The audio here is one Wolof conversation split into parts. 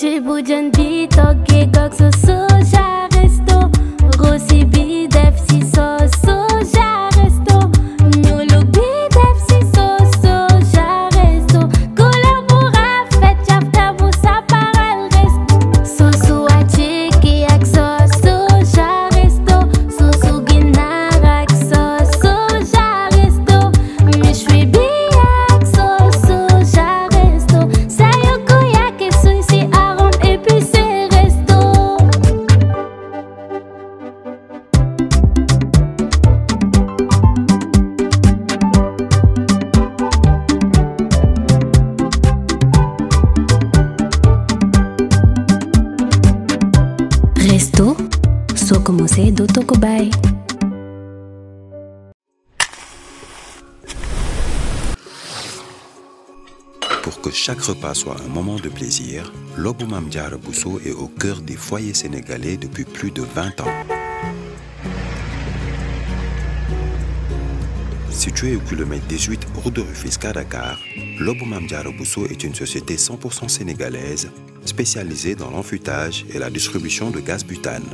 Czy budzian bito, giego, co suża soit un moment de plaisir, Lobou Mame Diarra Bousso est au cœur des foyers sénégalais depuis plus de 20 ans. Situé au kilomètre 18 de Rufisque à Dakar, Lobou Mame Diarra Bousso est une société 100% sénégalaise spécialisée dans l'enfûtage et la distribution de gaz butane.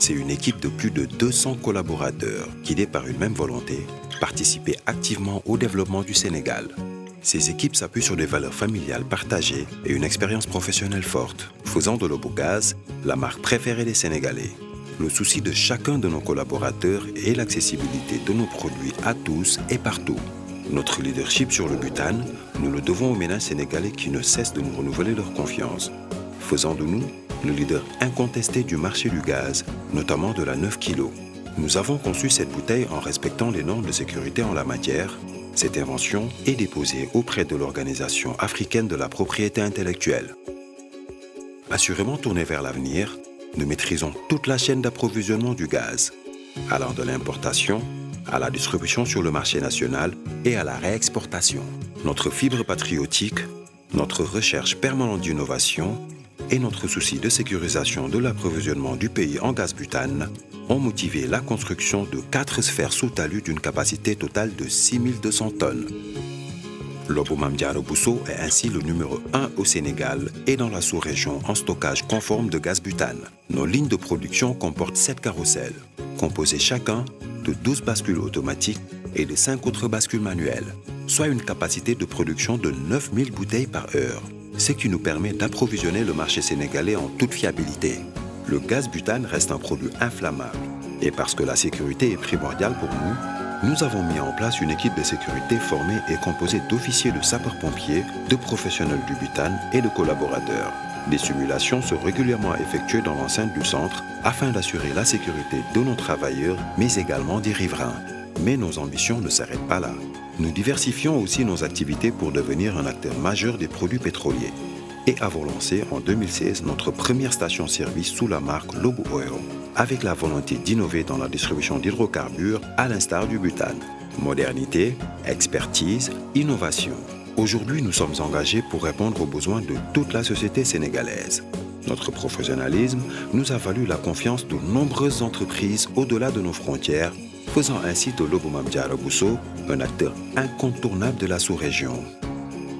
C'est une équipe de plus de 200 collaborateurs guidés par une même volonté, participer activement au développement du Sénégal. Ces équipes s'appuient sur des valeurs familiales partagées et une expérience professionnelle forte, faisant de l'Obogaz la marque préférée des Sénégalais. Le souci de chacun de nos collaborateurs est l'accessibilité de nos produits à tous et partout. Notre leadership sur le butane, nous le devons aux ménages sénégalais qui ne cessent de nous renouveler leur confiance, faisant de nous le leader incontesté du marché du gaz, notamment de la kg. Nous avons Cette invention est déposée auprès de l'Organisation africaine de la propriété intellectuelle. Assurément tournée vers l'avenir, nous maîtrisons toute la chaîne d'approvisionnement du gaz, allant de l'importation à la distribution sur le marché national et à la réexportation. Notre fibre patriotique, notre recherche permanente d'innovation et notre souci de sécurisation de l'approvisionnement du pays en gaz butane ont motivé la construction de quatre sphères sous talus d'une capacité totale de 6200 tonnes. L'Obomam Diarra Bousso est ainsi le numéro 1 au Sénégal et dans la sous-région en stockage conforme de gaz butane. Nos lignes de production comportent 7 carrousels, composés chacun de 12 bascules automatiques et de 5 autres bascules manuelles, soit une capacité de production de bouteilles par heure, ce qui nous permet d'approvisionner le marché sénégalais le gaz butane reste un produit inflammable. Et parce que la sécurité est primordiale pour nous, nous avons mis en place une équipe de sécurité formée et composée d'officiers de sapeurs-pompiers, de professionnels du butane et de collaborateurs. Des simulations sont régulièrement effectuées dans l'enceinte du centre afin d'assurer la sécurité de nos travailleurs, mais également des riverains. Mais nos ambitions ne s'arrêtent pas là. Nous diversifions aussi pour devenir un acteur majeur des et avons lancé en 2016 notre première station-service sous la marque Lobo Oil, avec la volonté d'innover dans la distribution d'hydrocarbures à l'instar du butane. Modernité, expertise, innovation. Aujourd'hui, nous sommes engagés pour répondre aux besoins de toute la société sénégalaise. Notre professionnalisme nous a valu la confiance de nombreuses entreprises au-delà de nos frontières, faisant ainsi de Lobo Mamdiara Bousso un acteur incontournable de la sous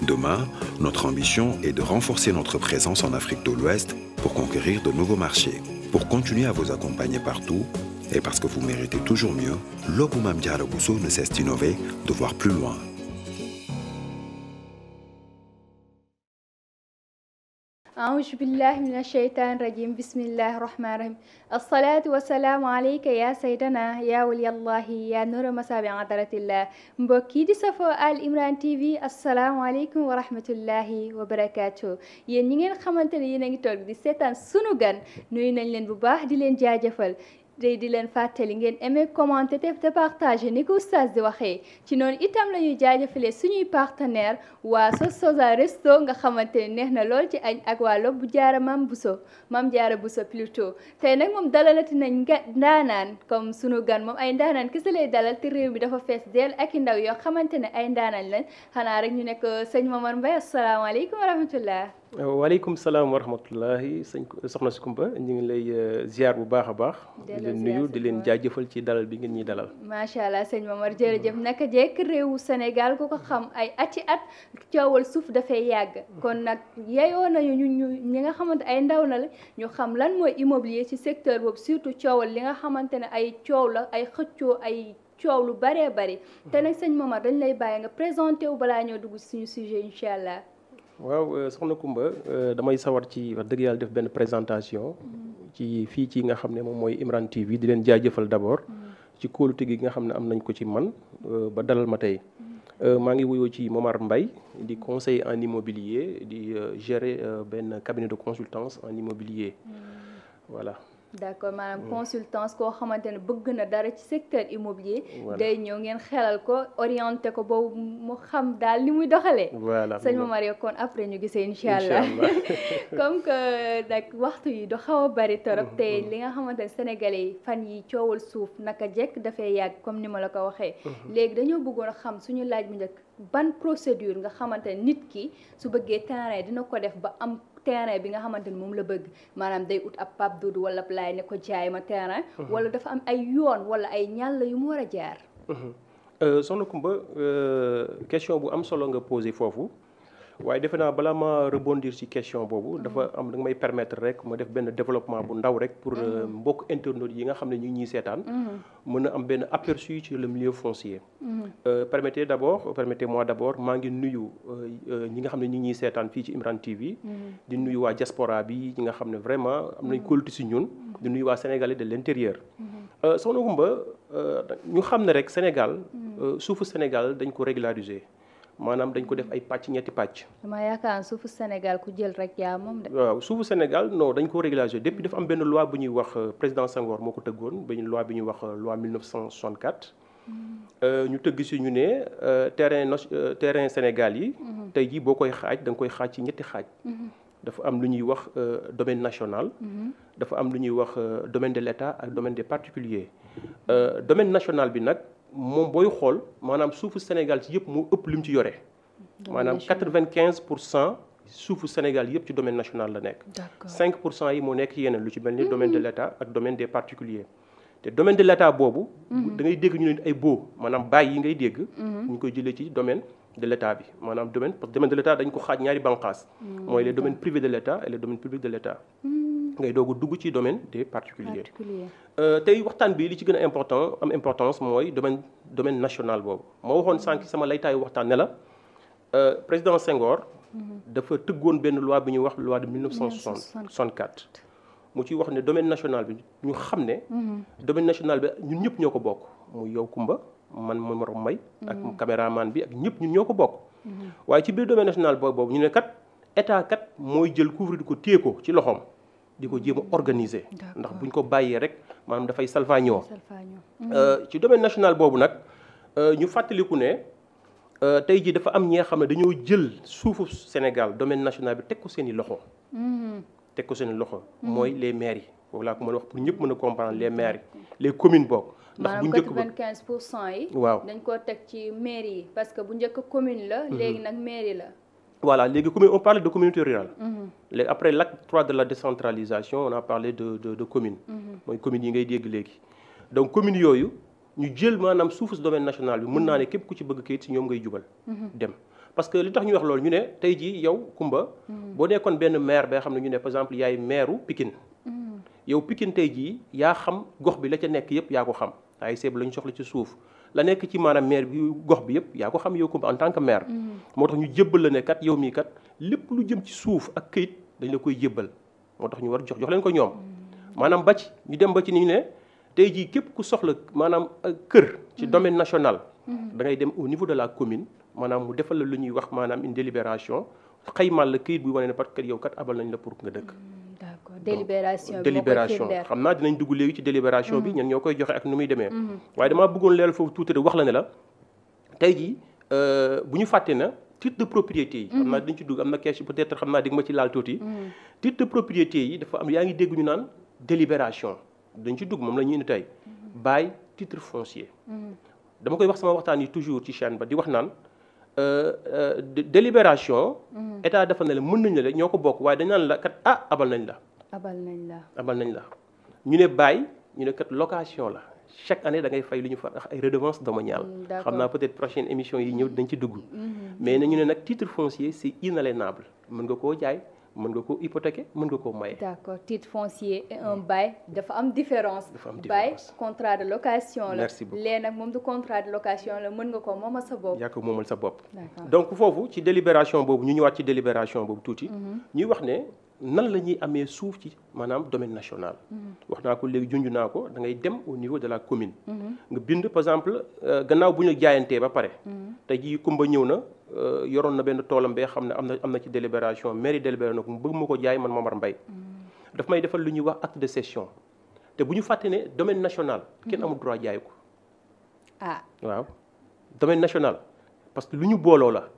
Demain, notre ambition est de renforcer notre présence en Afrique de l'Ouest pour conquérir de nouveaux marchés. Pour continuer à vous accompagner partout, et parce que vous méritez toujours mieux, Logumam ne cesse d'innover, de voir plus loin. auzu billahi min asheytan rajim bismillahi rahmani rahim asalaatu wasalaamu aleyka ya saydana ya waliyallahi ya nura masabi adaratillah mbokk yi di safoo al imran tv asalaamualeykum wa rahmatullahi wa barakatuh yéen ñi ngeen xamante ne yéen a ngi toog di seetaan sunu gan nuyu nañ leen bu baax di leen jaajëfal day di leen fàttali ngeen aimé commenté te te partagé ni ko oustaz di waxee ci noonu itam la ñuy jaajëfalee suñuy partenaire waa Sososa resto nga xamante ne neex na lool ci añ ak waa lob bu jaara mam buso mam jaara buso plutôt tey nag moom dalalati nañ nga ndaanaan kom sunu gan moom ay ndaanaan kese lay dalal te réew mi dafa fees del ak i ndaw yoo xamante ne ay ndaanaan lañ xanaa rek ñu nekk sëñ Momar Mbaye asalaamaaleykum wa rahmatullah waaleykum salaam wa rahmatullahi sëñ soxna si Kumba ñu ngi lay euh, ziar bu baax a baax. di leen nuyu di leen jaajëfal ci dalal bi ngeen ñuy dalal. macha allah sëñ Momar jërëjëf naka jekk réewu Sénégal ku ko xam ay ati at coowal suuf dafay yàgg. kon nag yeyoo nañu ñu ñu ñi nga xamante ay ndaw na la ñu xam lan mooy immobilier ci secteur boobu surtout coowal li nga xamante ne ay coow la ay xëccoo ay. coow lu bëree bëri te nag sëñ Momar dañ lay bàyyi nga présenté wu balaa ñoo dugg suñu sujet incha allah. waaw euh, soxna Kumba euh, damay sawar ci wax dëgg yàlla def benn présentation ci fii ci nga xam ne moom mooy Imran TV di leen jaajëfal d'abord ci kóolute gi nga xam ne am nañ ko ci man euh, ba dalal ma tey maa ngi wuyoo ci Momar mbay di conseiller en immobilier di gérer benn cabinet de consultance en immobilier voilà d' accord maanaam mm. consultance koo xamante ne bëgg na dara ci secteur immobilier. day ñëw ngeen xelal ko orienté ko ba mu xam daal ni muy doxalee. sañ sëñ Mamadou kon après ñu gisee incha allah. comme que nag waxtu yi du xaw a bari torop mm-hmm. tey mm-hmm. li nga xamante ne sénégalais yi fan yi coowal suuf naka jekk dafay yàgg comme ni ma la ko waxee. Mm-hmm. léegi dañoo bëggoon xam suñu laaj mu njëkk ban procédure nga xamante nit ki su bëggee terrain dina ko def ba am. terrain bi nga xamante ni moom la bëgg maanaam day ut ab Pape Doudou wala laay ne ko jaay ma terrain mhm. wala dafa am ay yoon wala ay ñàll yu mu war a jaar mhm. euh, soxna Kumba euh, question bu am solo nga posé foofu waaye defe naa balaa ma rebondir ci question boobu dafa am da may permettre rek ma def benn développement bu ndaw rek pour euh, mhm. mbokk internautes yi nga xam ne ñu ngi ñuy seetaan mhm. mën a am benn aperçu ci le milieu foncier mhm. euh, permettez d'abord permettez-moi d'abord maa ngi nuyu euh, ñi nga xam ne ñu ngi ñuy seetaan fii ci Imran TV di nuyu waa diaspora bi ñi nga xam ne vraiment am nañ kóolute si ñun di nuyu waa sénégalais de l'intérieur soxna Koumba ñu xam ne rek Sénégal suufu Sénégal dañ ko régulariser maanaam dañ ko def ay pàcc ñetti pàcc. dama yaakaar suufu Sénégal ku jël rek yaa moom de. waaw suufu Sénégal non dañ ko régulariser depuis dafa am benn loi bu ñuy wax euh, président Senghor moo ko tëggoon benn loi bi ñuy wax euh, loi 1964. Mm-hmm. Euh, ñu tëgg si ñu ne terrain terrain Sénégal yi. Mm-hmm. tey jii boo koy xaaj da nga koy xaaj ci ñetti xaaj. Mm-hmm. dafa am lu ñuy wax domaine national. dafa am lu ñuy wax domaine de l' état ak domaine des particuliers. domaine national bi nag. moom booy xool maanaam suufu Sénégal ci yëpp moo ëpp lim ci yore. maanaam quatre-vingt-quinze pour cent suufu Sénégal yëpp ci domaine national la nekk. cinq pour cent yi moo nekk yeneen lu ci mel ni mm-hmm. domaine de l'État ak domaine des particuliers te domaine de l'État boobu. Mm-hmm. da dégg ñu ne ay boo maanaam bàyyi yi ngay dégg. Mm-hmm. ñu koy jëlee ci domaine de l'État bi maanaam domaine parce que domaine de l'État dañ ko xaaj ñaari banqaas. mooy les domaines privés de l'État ngay doog dugg ci domaine des particuliers euh, tey waxtaan bi li ci gën a important am importance mooy domaine domaine national boobu moo waxoon sànq sama laytaayu waxtaan ne la euh, président Senghor mhm. dafa tëggoon benn loi bi ñu wax loi de 1964 mu ci wax ne domaine national bi ñu xam ne mhm. domaine national bi ñun ñëpp ñoo ko bokk muy yow Kumba man ma may ak mhm. caméraman bi ak ñëpp ñun ñoo ko bokk waaye ci biir domaine national boobu ñu ne kat état kat mooy jël couvre di ko téye ko ci loxoom di ko jéem a organiser. ndax ñu ko bàyyee rek maanaam dafay salfaañoo. Euh, mm-hmm. ci domaine national boobu nag euh, ñu fàttaliku ne euh, tey jii dafa am ñi nga xam ne dañoo jël suufu Sénégal domaine national bi teg ko seen i loxo. Mm-hmm. teg ko seen loxo. Mm-hmm. mooy les maires yi boobu laa ko wax pour ñëpp mën a comprendre les maires yi commune communes boobu. ndax bu njëkk ba maanaam pour cent yi. waaw dañ koo teg ci maires yi parce que bu njëkk commune la. léegi nag maires yi la. voilà léegi commune on parle de communauté rurale. Mhm. léegi après l'acte de commune. Mhm. mooy communes yi ngay dégg léegi. donc communes yooyu ñu jël maanaam suufu domaine national bi mën naa ne mhm. képp ku ci bëgg kayit si ñoom ngay jubal. dem parce que li tax ñu wax loolu ñu ne tey jii yow Kumba. boo nekkoon benn maire ba xam ne ñu ne par exemple yaay maireu Pikine. yow pikin tey jii yaa xam gox bi la ca nekk yépp yaa ko xam ay seeb la ñu soxla ci suuf. la nekk ci maanaam maire bi gox bi yëpp yaa ko xam yow ko en tant que maire. Mm-hmm. moo tax ñu jébbal la ne kat yow mii kat lépp lu jëm ci suuf ak këyit dañu la koy jëbbal moo tax ñu war jox jox leen ko ñoom. Mm-hmm. maanaam ba ci ñu dem ba ci ni ñu ne tey jii képp ku soxla maanaam euh, kër. ci mm-hmm. domaine national. da ngay dem au niveau de la commune maanaam mu defal la lu ñuy wax maanaam une délibération xaymal la këyit bu wane ne parce que yow kat abal nañ la pour nga dëkk. délibération délibération xam naa dinañ dugg léegi ci délibération bi mm-hmm. ñan ñoo koy joxe ak nu muy demee mm-hmm. waaye damaa bëggoon leeral foofu tuuti rek wax la ne la tey jii euh, bu ñu fàtte na titre de propriété yi xam naa mm-hmm. dinañ ci dugg am na question peut-être xam naa di ma ci laal tuuti titre de propriété yi dafa am yaa ngi dégg ñu naan délibération dañ ci dugg moom la ñu indi tey bail titre foncier dama koy wax sama waxtaan yi toujours ci chaîne ba di wax naan euh, euh, délibération état dafa na la mën nañu la ñoo ko bokk waaye dañ naan la kat ah, abal nañ la abal nañ la la ñu ne bàyyi ñu ne kat location la chaque année da ngay fay lu ñu fa ay redevance domaniale mm, xam naa peut-être prochaine émission yi ñëw dañ ci dugg mm-hmm. mais nañu ne nag titre foncier c'est inaliénable mën nga koo jaay mën nga koo hypothéquer mën nga koo maye. d'accord titre foncier et un dafa am différence. dafa am différence bail contrat de location la. merci beaucoup lee nag moom du contrat de location la mën nga koo moomal sa bopp. yaa ko sa bopp. donc foofu ci délibération boobu ñu ñëwaat ci délibération boobu tuuti. Mm-hmm. ñuy wax nan la ñuy amee suuf ci maanaam domaine national. Mm-hmm. wax naa ko léegi junj naa ko da dem au niveau de la commune. Mm-hmm. nga bind par exemple euh, gannaaw bu ñu jaayantee ba pare. Mm-hmm. te jii Kumba ñëw na euh, yoroon na benn toolam bee xam ne am na am na ci délibération mairie délibéré na ko mu bëgg ma ko jaay man Momar Mbaye daf may defal lu ñuy wax acte de cession te bu ñu fàtte ne domaine national. kenn amul droit jaay ko. ah waaw domaine national parce que lu ñu booloo la.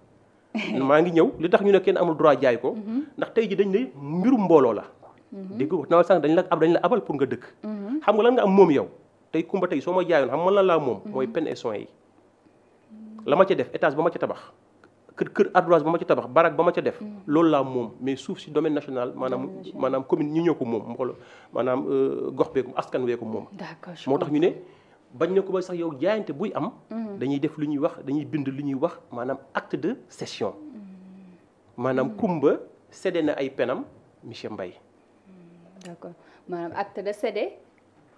maa ngi ñëw li tax ñu ne kenn amul droit jaay ko mhm. ndax tey ji dañ ne mbirum mbooloo la mhm. dégg ko naa sànq dañ la ab dañ la abal pour nga dëkk mhm. xam nga lan nga am moom yow tey kumba tey soo ma jaayoon xam man lan laa moom mooy peine et yi la ma ca def étage ba ma ca tabax kër kër ardoise ba ma ca tabax barak ba ma ca def loolu laa moom mais suuf si domaine national maanaam maanaam commune ñu ñoo ko moom mbooloo maanaam euh, gox beeku askan weeku moom moo tax ñu ne bañ na ko ba sax yow jaayante buy am. Mhm. dañuy def lu ñuy wax dañuy bind lu ñuy wax maanaam acte de cession mhm. maanaam mhm. Kumba cédé na ay penam monsieur Mbaye. d'accord maanaam acte de cédé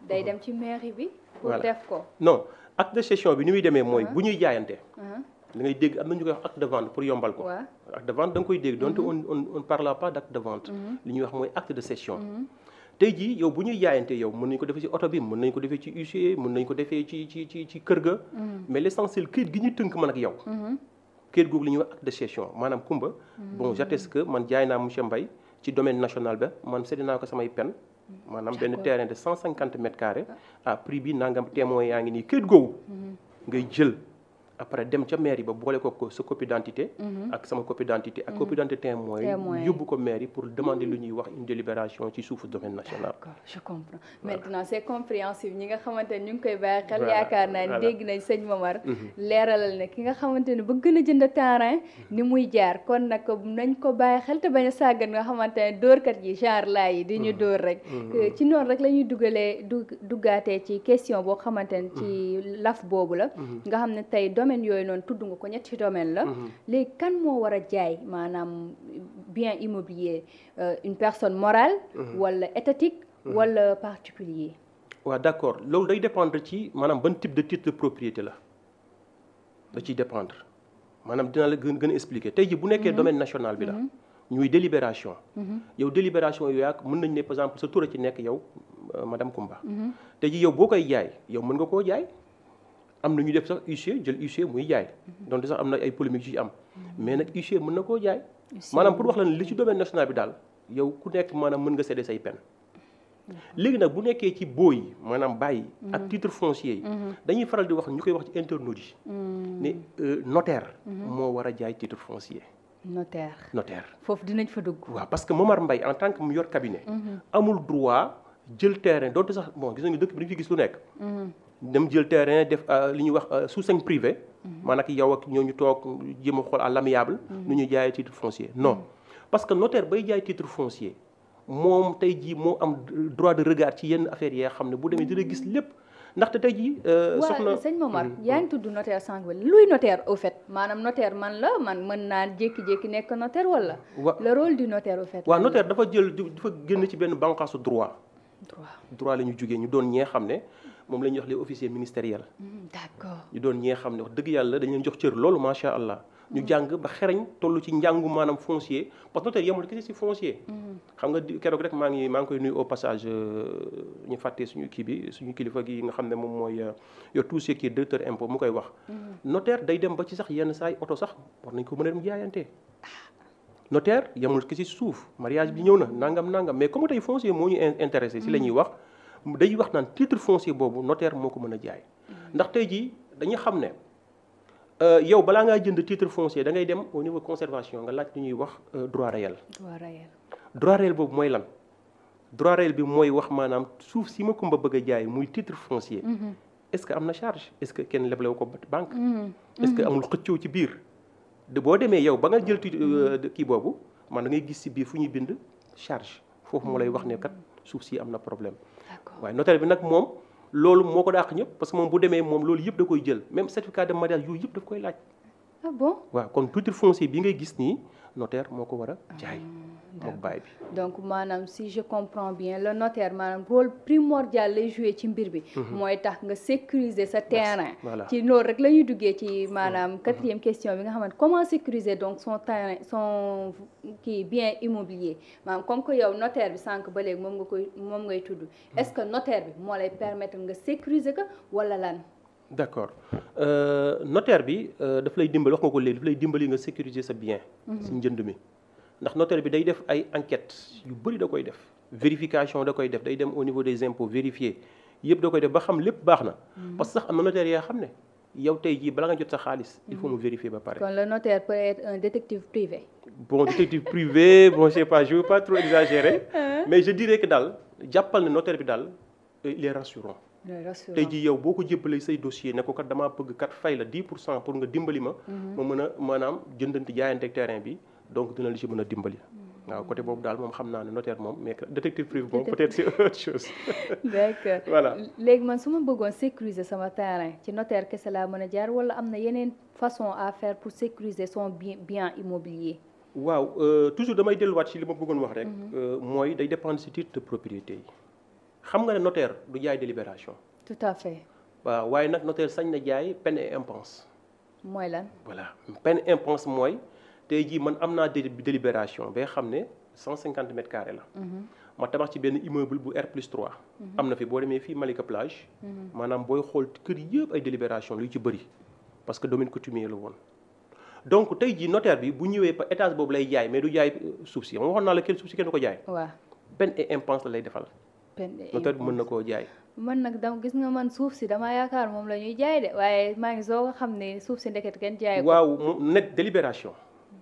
day dem ci mairie bi. pour def ko non acte de cession bi ni muy demee mooy uh-huh. bu ñuy jaayante. Uh-huh. da ngay dégg am na ñu koy wax acte de vente pour yombal ko. acte de vente da koy dégg donte uh-huh. on on on parle pas d' acte de vente. li ñuy wax mooy acte de session tey jii yow bu ñuy jaayante yow mën nañu ko defee ci oto bi mën nañu ko defee ci huissier mën nañu ko defee ci ci ci kër ga. Mm-hmm. mais l'essentiel këyit gi ñuy tënk man ak yow. Mm-hmm. këyit googu li ñuy de cession maanaam kumba. Mm-hmm. bon j'atteste que man jaay naa monsieur mbay ci domaine national ba man séddee naa ko samay pen. maanaam benn terrain de cent mètres carrés ah. à prix bi nangam témoin yaa ngi nii këyit googu. ngay jël. après dem ca mairie ba boole ko ko sa copie d'identité mhm. ak sama copie d'identité ak mhm. copie d'identité témoin yóbbu ko mairie pour demander mhm. lu ñuy wax une délibération ci suufu domaine national je comprends ñi nga xamante ñu ngi koy bàyyi xel yaakaar naa ni nañ sëñ Momar leeralal ne ki nga xamante ne bëgg na jënd terrain ni muy jaar kon nag nañ ko bàyyi xel te bañ a sàggan nga xamante dóorkat yi genre laa yi di ñu dóor rek euh, ci noonu rek la ñuy dugalee du duggaatee ci question boo xamante ne ci laf boobu la nga xam domaine yooyu noonu tudd mm-hmm. moo war a jaay maanaam bien immobilier euh, une personne morale mm-hmm. wala étatique mm-hmm. wala particulier waaw d'accord loolu day dépendre ci maanaam ban type de titre de propriété la da ciy dépendre maanaam dina la gën gën a te tey ji bu nekkee domaine national bi la ñuy délibération yow délibération mën nañu ne par a ci nekk yow euh, madame Kumba tey ji yow boo koy jaay yow mën nga koo jaay am na ñu def sax huissier jël huissier muy jaay donc sax am na ay polémique yu ci am mais nag huissier mën na koo jaay maanaam pour wax la ne li ci domaine national bi daal yow ku nekk maanaam mën nga séddee say peine mm-hmm. léegi nag bu nekkee ci boo yi maanaam bàyyi mm-hmm. ak titre foncier yi mm-hmm. dañuy faral di wax ñu koy wax ci internaute yi ne euh, notaire moo war a jaay titre foncier notaire notaire foofu dinañ fa dugg waaw parce que Momar mbay en tant que mu yor cabinet amul droit jël terrain doonte sax bon gis nañu dëkk bi gis lu nekk dem jël terrain def euh, li ñuy wax euh, sous-seing privé. Mm-hmm. maanaam ak yow ak ñoo ñu toog jéem a xool à l'amiable. Mm-hmm. nu ñuy jaayee titre foncier non. Mm-hmm. parce que notaire bay jaay titre foncier moom tey jii moo am droit de regard ci yenn affaires yi nga xam ne bu demee dina gis lépp. ndaxte tey jii euh, soxna waaw sëñ Momar yaa ngi tudd notaire sànq luy notaire au fait maanaam notaire man la man mën naa jékki-jékki nekk notaire wala. wa le rôle du notaire au fait. waaw notaire dafa jël dafa génn ci benn bànqaasu droit. droit droit la ñu jugee ñu doon ñee xam ne. moom la ñuy wax les officiers ministériels. Mm, d'accord ñu doon ñee xam ne wax dëgg yàlla dañ jox cër loolu macha allah. ñu mm. jàng ba xereñ toll ci njàngu maanaam foncier parce que notaire yemul kese mm. xam nga keroog rek maa ngi maa ngi koy nuyu au passage euh, ñu fàtte suñu kii bi suñu kilifa gi nga xam ne moom mooy euh, tout ce qui directeur impôt mu koy wax. notaire day dem ba ci sax yenn saay oto sax war nañ ko mën a dem jaayante. Ah. notaire yemul kese si suuf mariage bi ñëw na nangam nangam mais comme tey foncier moo ñu intéressé si la ñuy wax. day wax naan titre foncier boobu notaire moo ko mën a jaay ndax tey jii dañu xam ne euh, yow balaa ngaa jënd titre foncier da ngay dem au niveau conservation nga laaj lu ñuy wax euh, droit réel. droit réel boobu mooy lan droit réel bi mooy wax maanaam suuf si ma kumba bëgg a jaay muy titre foncier. Mm-hmm. est-ce que am na charge est-ce que kenn leblewu ko banque. Mm-hmm. est-ce que mm-hmm. amul xëccoo ci biir. boo demee yow ba nga jël euh, kii boobu man da ngay gis si biir fu ñuy bind charge foofu moo lay wax ne kat suuf si am na problème. waaye notaire bi nag moom loolu moo ko dàq ñëpp parce que moom bu demee moom loolu yëpp da koy jël même certificat de mariage yooyu yëpp daf koy laaj ah waaw kon titre foncier bi ngay gis nii notaire moo ko war a ah, jaay mook baay bi donc maanaam si je comprends bien la notaire maanaam rôle primordial lay jouer ci mbir bi mhm. mooy tax nga sécuriser sa terrain ci loolu rek la ñuy duggee ci mhm. maanaam mhm. quatrième question bi nga xamante comment sécuriser donc son terrain son kii bien immobilier maanaam comme que yow notaire bi sànq ba léegi moom nga koy moom ngay tudd est-ce que notaire bi moo lay permettre nga sécuriser ko wala lan d' accord euh, notaire bi euh, daf lay dimbali wax nga ko léegi daf lay dimbali nga sécuriser sa bien. Mhm. si njënd mi ndax notaire bi day def ay enquête yu bëri da koy def vérification da koy def day dem au niveau des impôts vérifier yëpp da koy def ba xam lépp baax na. Mhm. parce que sax am na notaire yaa xam ne yow tey jii bala nga jot sa xaalis. il faut mu mhm. vérifier ba pare. kon le notaire peut être un détective privé. bon détective privé pas je pas trop exagérer. mais je dirais bi daal euh, il est tey ji yow boo ko jébbalee say dossier ne ko kat damaa bëgg kat fay la 10 pour cent pour nga dimbali ma. Mhm. ma mën a maanaam jëndanti jaayante terrain bi donc dina la ci mën a dimbali. Mhm. waaw boobu daal moom xam naa ne notaire moom mais détective privé moom léegi man su ma bëggoon sécuriser sama terrain ci notaire kese laa mën a jaar wala am na yeneen façon à faire pour sécuriser son bien bien immobilier. waaw euh, toujours damay delluwaat ci li ma bëggoon wax rek. Mhm. Euh, mooy day dépendre ci titre propriété yi. xam nga ne notaire du jaay délibération. tout à fait. waaw waaye nag notaire sañ na jaay peine et impense. mooy lan. voilà peine impense mooy tey jii man am naa délibération ba xam ne 150 mètres carrés la. Mhm. ma tabax ci benn immeuble bu R plus 3. Mhm. am na fi boo demee fii Malika plage. Mhm. maanaam booy xool kër yëpp ay délibération lu ci bëri parce que domaine coutumier la woon. donc tey jii notaire bi bu ñëwee par étage boobu lay jaay mais du jaay euh, suuf si waxoon naa la jaay. waaw peine et impense la lay defal. peut-être mën na koo jaay. man nag dam gis nga man suuf si damaa yaakaar moom la ñuy jaay de waaye maa ngi soog xam ne suuf si ndeket kenn jaay ko. waaw net délibération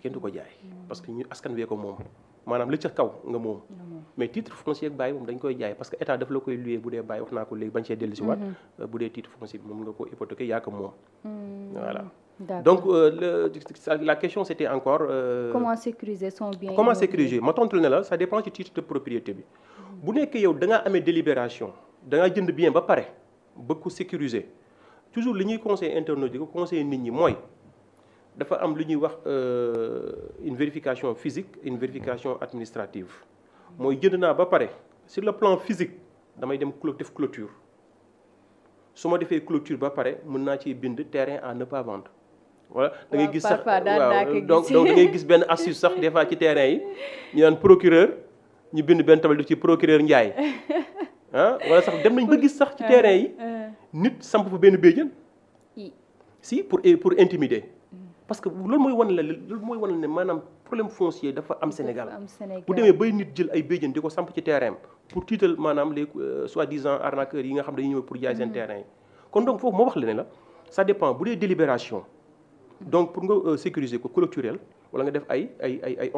kenn ko jaay. parce que ñu askan wee ko moom maanaam li ca kaw nga moom. mais titre que état daf la koy loué bu dee bàyyi wax naa ko léegi bañ see dellu si waat. Mhm. Euh, bu dee titre foncier bi moom nga ko hypothéqué yaa moom. Hmm, donc euh, la question c'était encore. Euh, comment sécuriser son bien. comment sécuriser ma tontu ne la ça dépend ci titre propriété bi. bu nekkee yow da ngaa amee délibération da ngaa jënd bien ba pare bëgg ko sécuriser toujours li ñuy conseil internaute di ko conseil nit ñi mooy dafa am lu ñuy wax euh, une vérification physique une vérification administrative mooy jënd naa ba pare si le plan physique damay dem clo def clôture su ma defee clôture ba pare mën naa ci bind terrain à ne pas vendre da ngay gis sax waaw donc donc da ngay gis benn astuce sax des fois ci terrain yi ñu naan procureur ñu bind benn tabal def ci procureur Ndiaye ah wala sax dem nañ ba gis sax ci terrain yi ah, ah. nit samp fa benn béjjën si pour eh, pour intimider parce que loolu mooy wan la loolu mooy wan la ne maanaam problème foncier dafa am Sénégal bu demee bay nit jël ay béjjën di ko samp ci terrain pour tiital maanaam les euh, soi-disant arnaqueurs yi nga xam ne ñëw pour jaay seen mm-hmm. terrain yi kon donc foofu moo wax la ne la ça dépend bu dee délibération donc pour nga euh, sécuriser ko clôturel wala nga def ay ay ay ay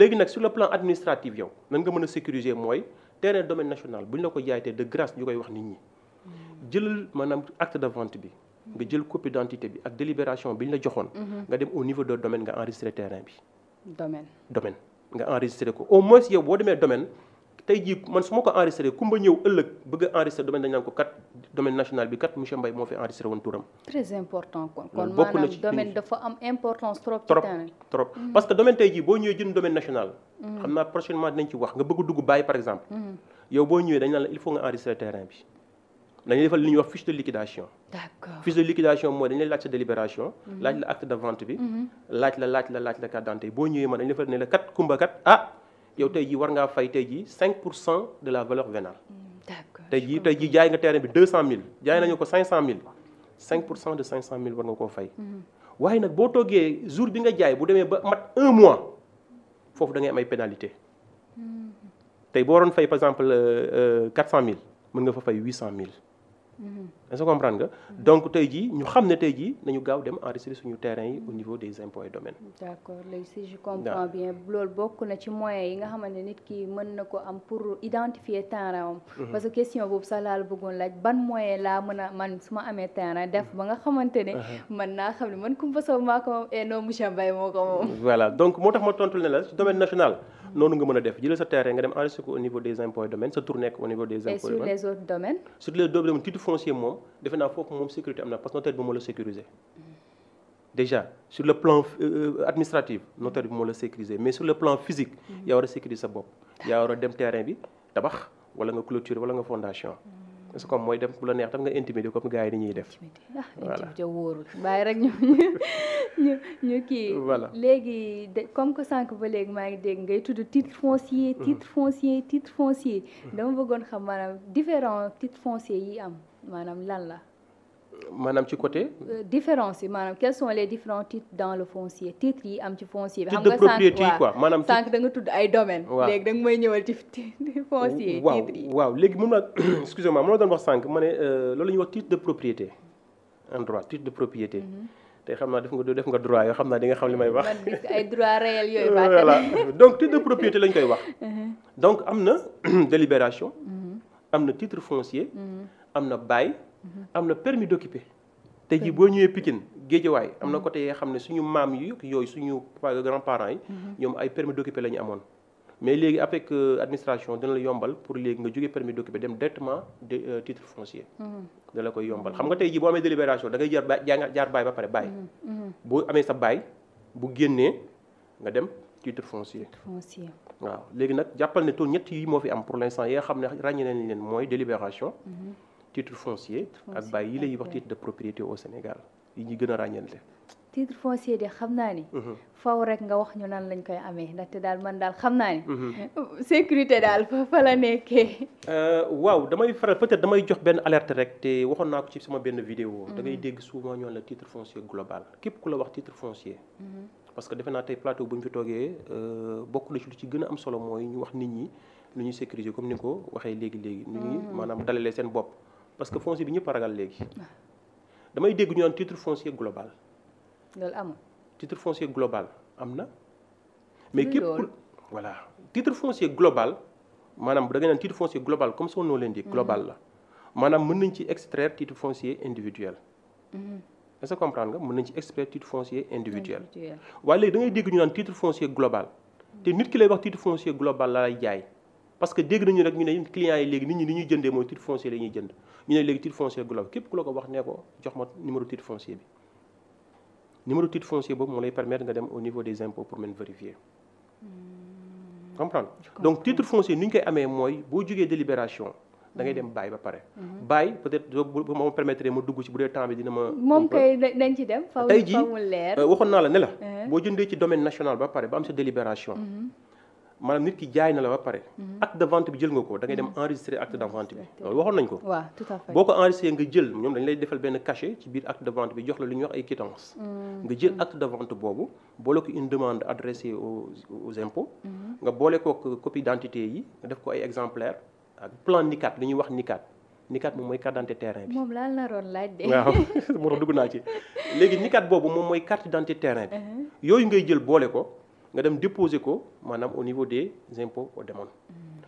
léegi nag sur le plan administratif yow nan nga mën a sécuriser mooy terrain domaine national bu ñu la ko jaaytee de grâce ñu koy wax nit ñi jëlal maanaam acte de vente bi nga jël copie d'identité bi ak délibération bi ñu la joxoon mhm. nga dem au niveau de domaine nga enregistré terrain bi domaine domaine nga enregistré ko au moins yow boo demee domaine tey jii man su ma ko enregistré kumba ñëw ëllëg bëgg a enregistré domaine dañu naan ko kat domaine national bi kat monsieur Mbaye moo fi enregistré woon turam. très trop. Mm. parce que domaine tey jii boo ñëwee jënd domaine national. Mm. xam naa prochainement dinañ ci wax nga bëgg dugg bàyyi par exemple. Mm. yow boo ñëwee dañu naan la il faut nga enregistré terrain bi. dañuy defal li ñuy wax fiche de liquidation. fiche de liquidation mooy dañu laaj sa délibération. yow tey jii war ngaa fay tey jii cinq pour cent de la valeur vénale. Hmm, d'accord tey jii tey jii jaay nga terrain bi cent mille jaay nañu ko 500000 5 pour cent de 500000 war nga koo fay. Hmm. waaye nag boo toogee jour bi nga jaay bu demee ba mat un mois foofu da am ay pénalité hmm. tey boo waroon fay par exemple 400000 euh, euh, mën nga fa fay cent mille est ce comprendre nga donc tey jii ñu xam ne tey jii nañu gaaw dem enregistrer suñu terrain yi au niveau des impôts et domaines. d' accord léegi si je comprends bien loolu bokk na ci moyens yi nga xamante ne nit ki mën na ko am pour identifier terrain am. Mhm. parce que question boobu sax laal bëggoon laaj ban moyen laa mën a man su ma amee terrain def mhm. ba nga xamante ne. man mhm. naa xam ne man Koumba Sow maa ko moom et monsieur Mbaye moo ko moom. voilà donc moo tax ma tontu ne la ci domaine national. noonu nga mën a def jëlal sa terrain nga dem enregistré au niveau des impôts et domaines sa tur nekk au niveau des foncier moom defe naa foofu moom sécurité am na parce que bi moo la sécuriser mm. déjà sur le plan euh, euh, administratif notaire bi moo la sécuriser mais sur le plan physique mm. yaa war a sécuriser sa bopp yaa war a dem terrain bi tabax wala nga clôture wala nga fondation mm. parce que comme mooy dem bu la neex tam nga intimider comme gars yi ñuy def ah, voilà wóorul ñu kii voilà léegi comme que sànq ba léegi maa ngi dégg ngay tudd titre foncier mm-hmm. titre foncier titre foncier mm-hmm. dama bëggoon xam maanaam différent titres foncier yi am maanaam lan la maanaam ci côté euh, différence yi maanaam quels sont les différents titres dans le foncier titres yi am ci foncier bi xam nga propriété yi quoi maanaam sànq da nga tudd ay domaine waaw léegi da nga may ñëwal ci foncier waaw titres yi waaw léegi moom laa excusez-moi moom la doon wax sànq ma ne euh, loolu ñu ñuy wax titre de propriété en droit de propriété mm-hmm. te xam naa def nga def nga droit yoo xam naa di nga xam li may wax. ay droit réel yooyu. voilà donc titre de propriété koy wax. Uh-huh. donc am na délibération. Uh-huh. am na titre foncier. Uh-huh. am na bail. am na permis d'occuper. tey jii boo ñëwee Pikine Géejawaay am na côté yoo xam ne suñu maam yi yooyu suñu grand parents yi. ñoom ay permis d'occuper la amoon. mais léegi avec euh, administration dina la yombal pour léegi nga jóge permis d'occuper dem directement de euh, titre foncier. Mm-hmm. dina la koy yombal xam nga tey jii boo amee délibération da ngay jaar ba jaar baay ba pare baay. Mm-hmm. Mm-hmm. boo amee sa baay bu génnee nga dem titre foncier. waaw léegi nag jàppal ne tool ñett yi moo fi am pour l'instant yi nga xam ne ràññee nañ leen mooy délibération. titre foncier ak baay yi lay wax titre de propriété au Sénégal yi ñuy gën a ràññeente. titre foncier de xam naa ni. Mhm. faw rek nga wax ñu nan lañ koy amee ndaxte daal man daal xam naa ni. Mhm. sécurité daal fa la nekkee. Euh, waaw damay faral peut-être damay jox benn alerte rek te waxoon naa ko ci sama benn vidéo. Mhm. da ngay dégg souvent ñoo la titre foncier global képp ku la wax titre foncier. parce que defe naa tey plateau bu ñu fi toogee euh, bokk na ci lu ci gën a am solo mooy ñu wax nit ñi lu ñuy sécuriser comme ni ko waxee léegi léegi. nit maanaam dalalee seen parce que foncier bi ñëpp ragal léegi. damay dégg ñu naan titre global. loolu amul. titre foncier global am na. mais képp voilà titre foncier global maanaam da nga naan titre foncier global comme son nom l'indique mm-hmm. global la maanaam mën nañ ci extraire titre foncier individuel. Mm-hmm. est-ce que comprendre nga mën nañ ci extraire titre foncier individuel. waaye léegi da dégg ñu naan titre foncier global. te nit ki lay wax titre foncier global la lay jaay. parce que dégg nañu rek ñu ne clients yi léegi nit ñi ni ñuy jëndee mooy titre foncier la jënd ñu ne léegi titre foncier global képp ku la ko wax ma numéro titre foncier bi. numéro titre foncier boobu moo lay permettre nga dem au niveau des impôts pour mën vérifier. Hmm. comprendre donc titre foncier ni ñu koy amee mooy boo jugee délibération. da ngay dem bàyyi ba pare. Hmm. bàyyi peut-être bu ma permettre ma dugg ci bu dee temps bi dina ma. Hmm. moom kay dañ ci dem. fawul leer euh, waxoon naa la ne la. Eh. boo jundee ci domaine national ba pare ba am sa délibération. maanaam nit ki jaay na la ba pare. Mhm. acte de vente bi jël nga ko da ngay dem mhm. enregistrer acte de vente bi. loolu waxoon nañ ko. waaw tout à fait boo ko enregistré nga jël ñoom dañu lay defal benn cachet ci biir acte de vente bi jox wax ay quittance. Mhm. nga jël acte de vente boobu boole ko une demande adressée aux aux impôts. nga boole ko copie d' identité yi nga def ko ay exemplaires ak plan NICAT li ñuy wax NICAT. nikat moom mooy carte d'identité terrain bi. moom laa naroon laaj de. waaw dugg naa léegi nikat boobu moom mooy carte d'identité terrain bi. Uh-huh. yooyu ngay jël boole ko nga dem déposer ko maanaam au niveau des impôts mm. et domaines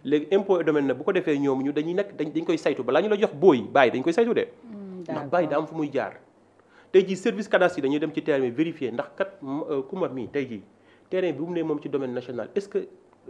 léegi impôt et domaine na bu ko defee ñoom ñu dañuy nag dañ koy saytu balaa ñu la jox booy bàyyi dañ koy saytu de mm, ndax bàyyi daa am fu muy jaar tey jii service cadastre yi dañuy dem ci terrain bi vérifier ndax kat kumar euh, mii tey jii terrain bi bu mu moom ci domaine national est-ce que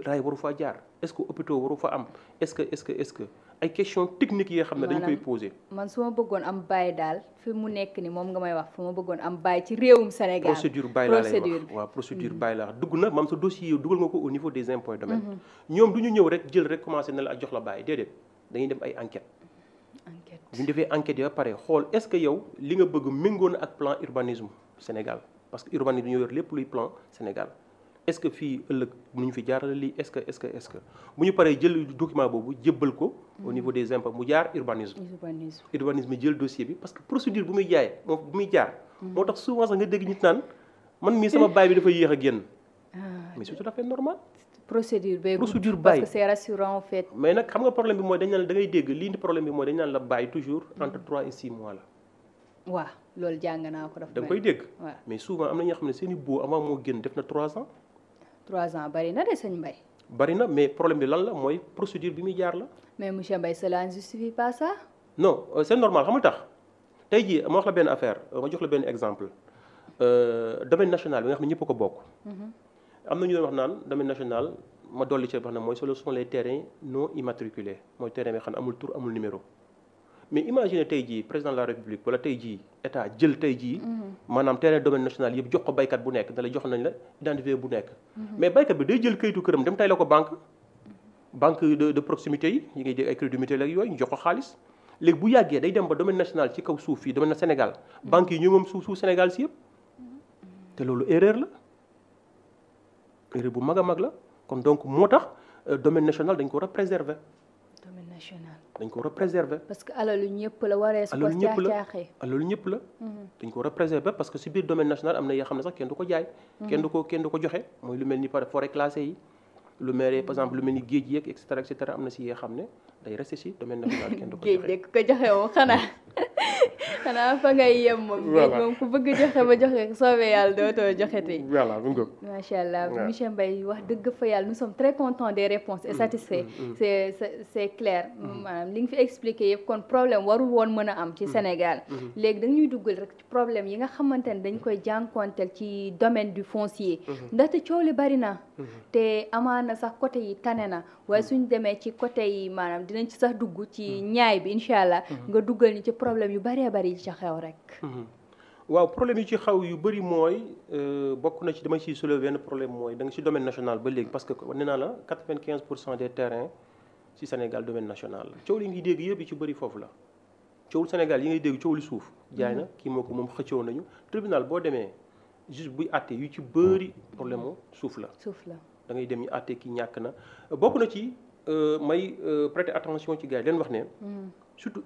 raay waru faa jaar est-ce que hôpitaux waru fa am est-ce que est-ce que ay question technique yi nga xam ne dañ koy posé. man su ma bëggoon am baay daal fi mu nekk ni moom nga may wax fu ma bëggoon am bàyyi ci réewum Sénégal. procédure mm-hmm. baay laa dugg na maam sa dossier yow dugal nga ko au niveau des impôts et domaines. Mm-hmm. ñoom du ñu ñëw rek jël rek commencé na la ak jox la baay déedéet dañuy dem ay enquête enquête defee enquête ya pare xool est-ce que yow li nga bëgg méngoo ak plan urbanisme Sénégal parce que urbanisme dañoo yor lépp luy plan Sénégal. est-ce que fii ëllëg nu ñu fi jaarale a est-ce que est-ce que est-ce que bu ñu paree jël document boobu jébbal ko au mm. niveau des impôts mu jaar urbanisme urbanisme jël dossier bi parce que procédure bu muy jaay moom bu muy jaar mm. moo tax souvent sax nga dégg nit naan man mii sama baay bi dafa yéex a génn ah, mais c'est tout à fait mais nag xam nga problème bi mooy dañ naan da ngay dégg lii ni problème bi mooy dañ naan la bàyyi toujours mm. entre trois et six mois la waaw loolu jàng naa ko dafa da mais souvent am na ñoo xam seen i boo avant moo génn def na trois ans bari na de sëñ Mbaye. bari na mais problème bi lan la mooy procédure bi muy jaar la. mais monsieur Mbaye cela ne justifie pas ça. non euh, c' est normal xamul tax tey jii ma wax la benn affaire euh, ma jox la benn exemple euh, domaine national bi nga xam ne ñëpp ko bokk. Mm-hmm. am na ñu doon naan domaine national ma dolli ci wax na mooy ce sont les terrains non immatriculés mooy terrain bi xam amul tur amul numéro. mais imaginez tey jii président de la république wala tey ji état jël tey jii. Mhm. maanaam terrain domaine national yëpp jox ko baykat bu nekk ne la jox nañ la identifié bu nekk. Mhm. mais baykat bi day jël kayitu këram dem tay la ko banque. banque de proximité yi yi ngay dégg ay crédit mutuel ak yooyu ñu jox ko xaalis léegi bu yàggee day dem ba domaine national ci kaw suuf yi domaine na Sénégal mhm. banque yi ñoo moom suuf suuf Sénégal si yëpp te loolu erreur la erreur bu mag a mag la kon donc moo tax euh, domaine national dañ ko war a domaine national. dañ ko war a préserver. parce que alalu ñëpp la waree. alalu ñëpp la alalu ñëpp la. dañ ko war a parce que si biir domaine national am na yoo xam ne sax kenn du ko jaay. Mhm. kenn du ko kenn du ko joxe mooy lu mel ni par forêt classée yi. lu mel par exemple lu mel ni géej yeeg et cetera et am na si yoo xam ne day rester si domaine national. kenn du ko joxe géej xanaa. Mhm. xanaa fa ngay yem moom. ku bëgg joxe ba joxe soobee yàlla dootoo joxe tey. voilà mu ngi macha allah monsieur Mbaye wax dëgg fa yàlla nous sommes très contents des réponses et mm, satisfaits. Mm, mm. c' est li nga fi expliqué kon problème warul woon mën a am ci Sénégal. léegi dañuy duggal rek ci yi nga xamante ne dañ koy jànkuwanteel ci domaine du foncier. ndaxte coow li bari na. te amaana sax côté yi tane na waaye suñ demee ci côté yi maanaam dinañ ci sax dugg ci ñaay bi incha allah nga duggal ñu ci problème yu baree bari yi ci xew rek. Mhm. waaw problème yi ci xaw yu bari mooy euh, bokk na ci dama ciy soulever benn problème mooy da nga ci domaine national ba léegi parce que nee naa la quatre-vingt-quinze pour cent des terrains ci Sénégal domaine national la. coow li ngi dégg yëpp yi ci bëri foofu la coowul Sénégal yi ngay dégg coowul suuf. Mhm. jaay na kii moo ko moom xëccoo nañu tribunal boo demee juste buy àtte yu ci bëri problème mu suuf la. suuf la da ngay dem ñu àtte ki ñàkk na bokk na ci euh, may euh, prêter attention ci gars yi leen wax ne. Mhm.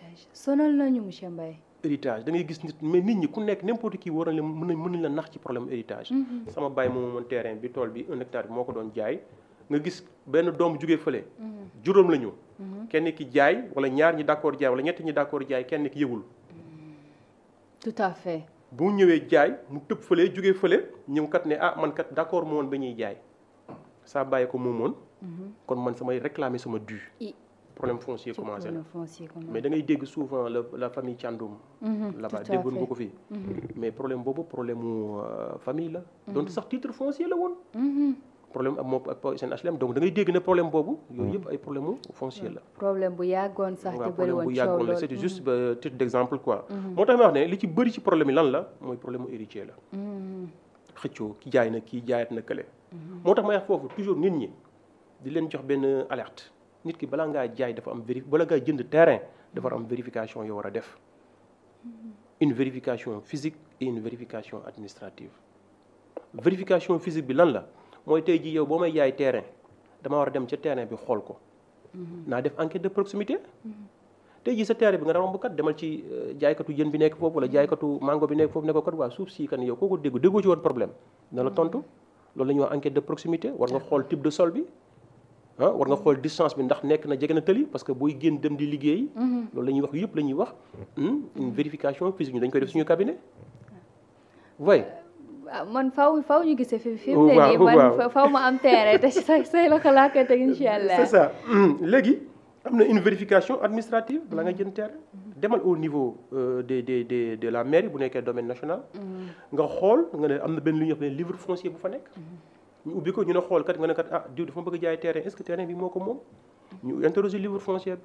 héritage sonal nañu monsieur Mbaye héritage da ngay gis nit mais nit ñi ku nekk n'importe qui waroon la mën nañ mën nañ la nax ci problème héritage mm-hmm. sama bàyyi moom moon terrain bi tool bi un hectare bi moo ko doon jaay nga gis benn doom jugee fële mm-hmm. juróom la ñu mm-hmm. kenn ki jaay wala ñaar ñi d'accord jaay wala ñett ñi d'accord jaay kenn ki yëgul tout à fait bu ñëwee jaay mu tëb fële jóge fële ñëw kat ne ah mankat kat d'accord moo woon ba ñuy jaay saa bàyyi ko moomoon kon man samay réclamer sama dû problème foncier commencé la mais da ngay dégg souvent la la famille Thiandoum mhm, là-bas déggoon nga ko fii mhm. mais problème boobu problème mu euh, famille la mhm. donc sax euh, euh, dégg ne problème boobu yooyu yëpp ay problème foncier la problème bu yàggoon sax moo tax ma wax ne li ci bëri ci problème yi lan la mooy problème mu la xëccoo ki jaay na kii jaayat na kële moo tax may wax foofu toujours nit ñi di leen jox benn alerte nit ki balaa ngaa jaay dafa am vérif balaa ngaa jënd terrain dafa am vérification yoo war a def mm-hmm. une vérification physique et une vérification administrative vérification physique bi lan la mooy tey jii yow boo may jaay terrain dama war a dem ca terrain bi xool ko mm-hmm. naa def enquête de proximité mm-hmm. tey jii sa terrain bi nga romb kat demal ci euh, jaaykatu jën bi nekk foofu wala jaaykatu mango bi nekk foofu ne ko kat waa suuf si kan yow koo ko déggu déggoo ci woon loolu la wax enquête de proximité war nga xool type de sol bi ah war nga xool distance bi ndax nekk na jege na tëli parce que booy génn dem di liggéey. Mhm. loolu la ñuy wax yëpp la ñuy wax. Hmm? une mhm. vérification physique dañ koy def suñu cabinet. oui. waaw ah, man faaw faaw ñu gisee fi fi mu ne nii man ma am terrain te say la ko hmm. léegi am na une vérification administrative balaa nga jënd terrain. Mhm. demal au niveau euh, des de des de la maire bu nekkee domaine national. nga xool nga ne am na benn lu ñuy wax ne livre foncier bu fa nekk. ñu ubbi ko ñu ne xool kat nga ne kat ah diw dafa bëgg jaay terrain est-ce que terrain bi moo ko moom ñu interroger livre foncier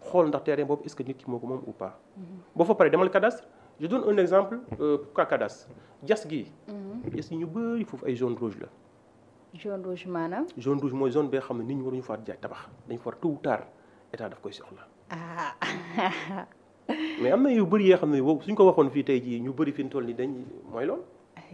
xool ndax terrain boobu est-ce que nit ki moo ko moom ou pas mm-hmm. boo fa paree demal cadastre je donne un exemple ka euh, cadastre jas gii jas gi mm-hmm. ñu bëri foofu ay zone rouge la zone rouge maanaam zone rouge mooy zone bee xam ne nit ñu waruñu faat jaay tabax dañ fa war tôt ou tard état daf koy soxla ah. mais am na yu bëri yoo xam ne boobu suñ ko waxoon fii tey jii ñu bëri fi ñu toll ni dañ mooy loolu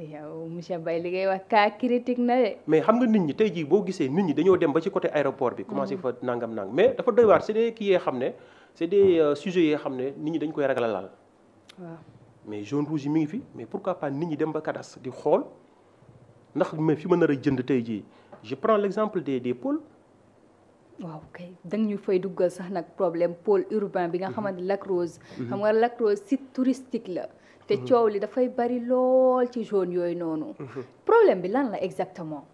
yow monsieur Baye li ngay wax cas critique na de. mais xam nga nit ñi tey jii boo gisee nit ñi dañoo dem ba ci côté aéroport bi. commencé mm-hmm. fa nangam nangam mais dafa doy waar c'est des kii yee xam ne c'est des euh, sujets yee xam ne nit ñi dañ koy ragal laal. mais zone rouge yi mi ngi fi mais pourquoi pas nit ñi dem ba kadas di xool ndax mais fi ma nar a jënd tey jii je prends l'exemple des des pôles. waaw kay dang ñu fay duggal sax nag problème pôle urbain bi nga mm-hmm. xamante Lac Rose. Mm-hmm. xam nga Lac Rose site touristique te mhm. coow li dafay bari lool ci zone yooyu noonu. Mhm. problème bi lan la exactement.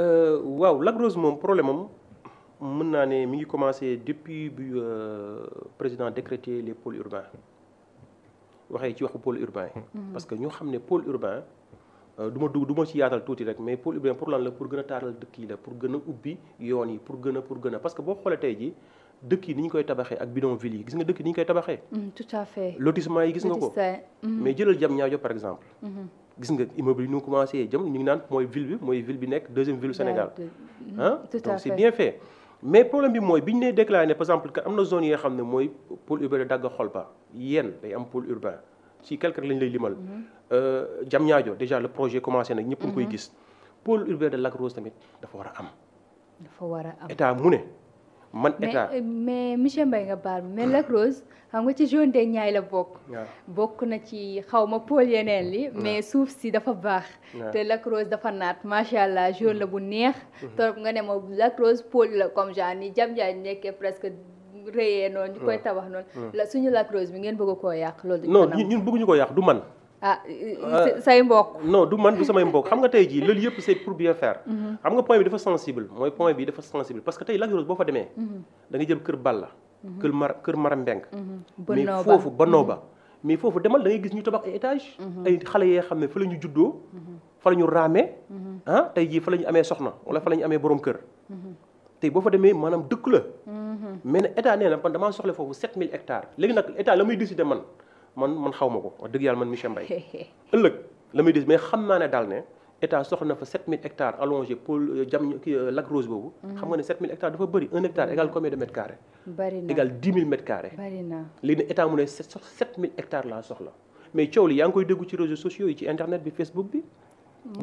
Euh, waaw Lac Rose moom problème am mën naa ne mi ngi commencé depuis bu euh, président décrété les pôles urbains waxee ci waxu pôle urbain yi. Mhm. parce xam ne pôle urbain euh, du ma dugg ci yaatal tuuti rek mais pôle urbain pour lan la pour gën a taaral dëkk yi la pour gën a ubbi yoon yi pour gën a pour gën a parce que boo xoolee tey ji dëkk yi ni ñu koy tabaxee ak bidonville yi gis nga dëkk yi koy tabaxee. Mm, tout à fait lotissement yi gis nga ko mm-hmm. mais jëlal jam ñaajo par exemple. Mm-hmm. gis nga immeuble yi ñu commencé jëm ñu ngi naan mooy ville bi mooy ville bi nekk deuxième ville Sénégal. ah donc c'est fait. mais problème bi mooy bi ñu nee déclaré ne par exemple que am na zone yi xam ne mooy pôle urbain de Daga Xolpa yéen day am pôle urbain si quelque lañ lay limal. jam euh, ñaajo déjà le projet commencé nag ñëpp koy gis. pôle urbain de Lac Rose tamit dafa war a am. dafa war a am mu ne. man euh, mais monsieur Mbaye nga baal mais Lac Rose xam nga ci zone des Niayes la bokk. bokk na ci xaw ma pôle yeneen li. mais suuf si dafa baax. te Lac Rose dafa naat macha allah zone la bu mm-hmm. neex. Mm-hmm. torop nga ne ma Lac Rose pôle la comme genre ni jam jaay nekkee presque. rëyee noonu ñu koy tabax noonu. Mm. la suñu Lac Rose bi ngeen bëgg koo yàq loolu. non ñun bëgguñu ko yàq du man. ah euh, say mbokk. non du man du samay mbokk xam nga tey jii loolu yëpp c'est pour bien faire. Mhm. xam nga point bi dafa sensible mooy point bi dafa sensible parce que tey Lac mhm. da nga jël kër Balla. Mhm. kër Mar kër Maram ñu tabax ay étage ay xam ne fa la ñu juddoo. fa la ñu raame. Ah, tey jii fa la ñu amee soxna wala fa la ñu amee borom kër. tey boo fa demee maanaam dëkk la. mais ne état nee na man damaa soxla foofu 7000 hectares léegi nag état la muy décider man. man man xaw ma ko wax dëgg yàlla man monsieur ëllëg la muy dis mais xam naa ne daal ne état soxla na fa 7000 hectares allongé pour euh, jam kii euh, Lac Rose boobu. Mm. xam nga ne 7000 hectares dafa bëri 1 hectare égal combien de mètres carrés. égal 10 000 mètres carrés. bari na état mu ne 7000 hectares laa soxla mais coow li yaa ngi koy déggu ci réseaux sociaux yi ci internet bi Facebook bi.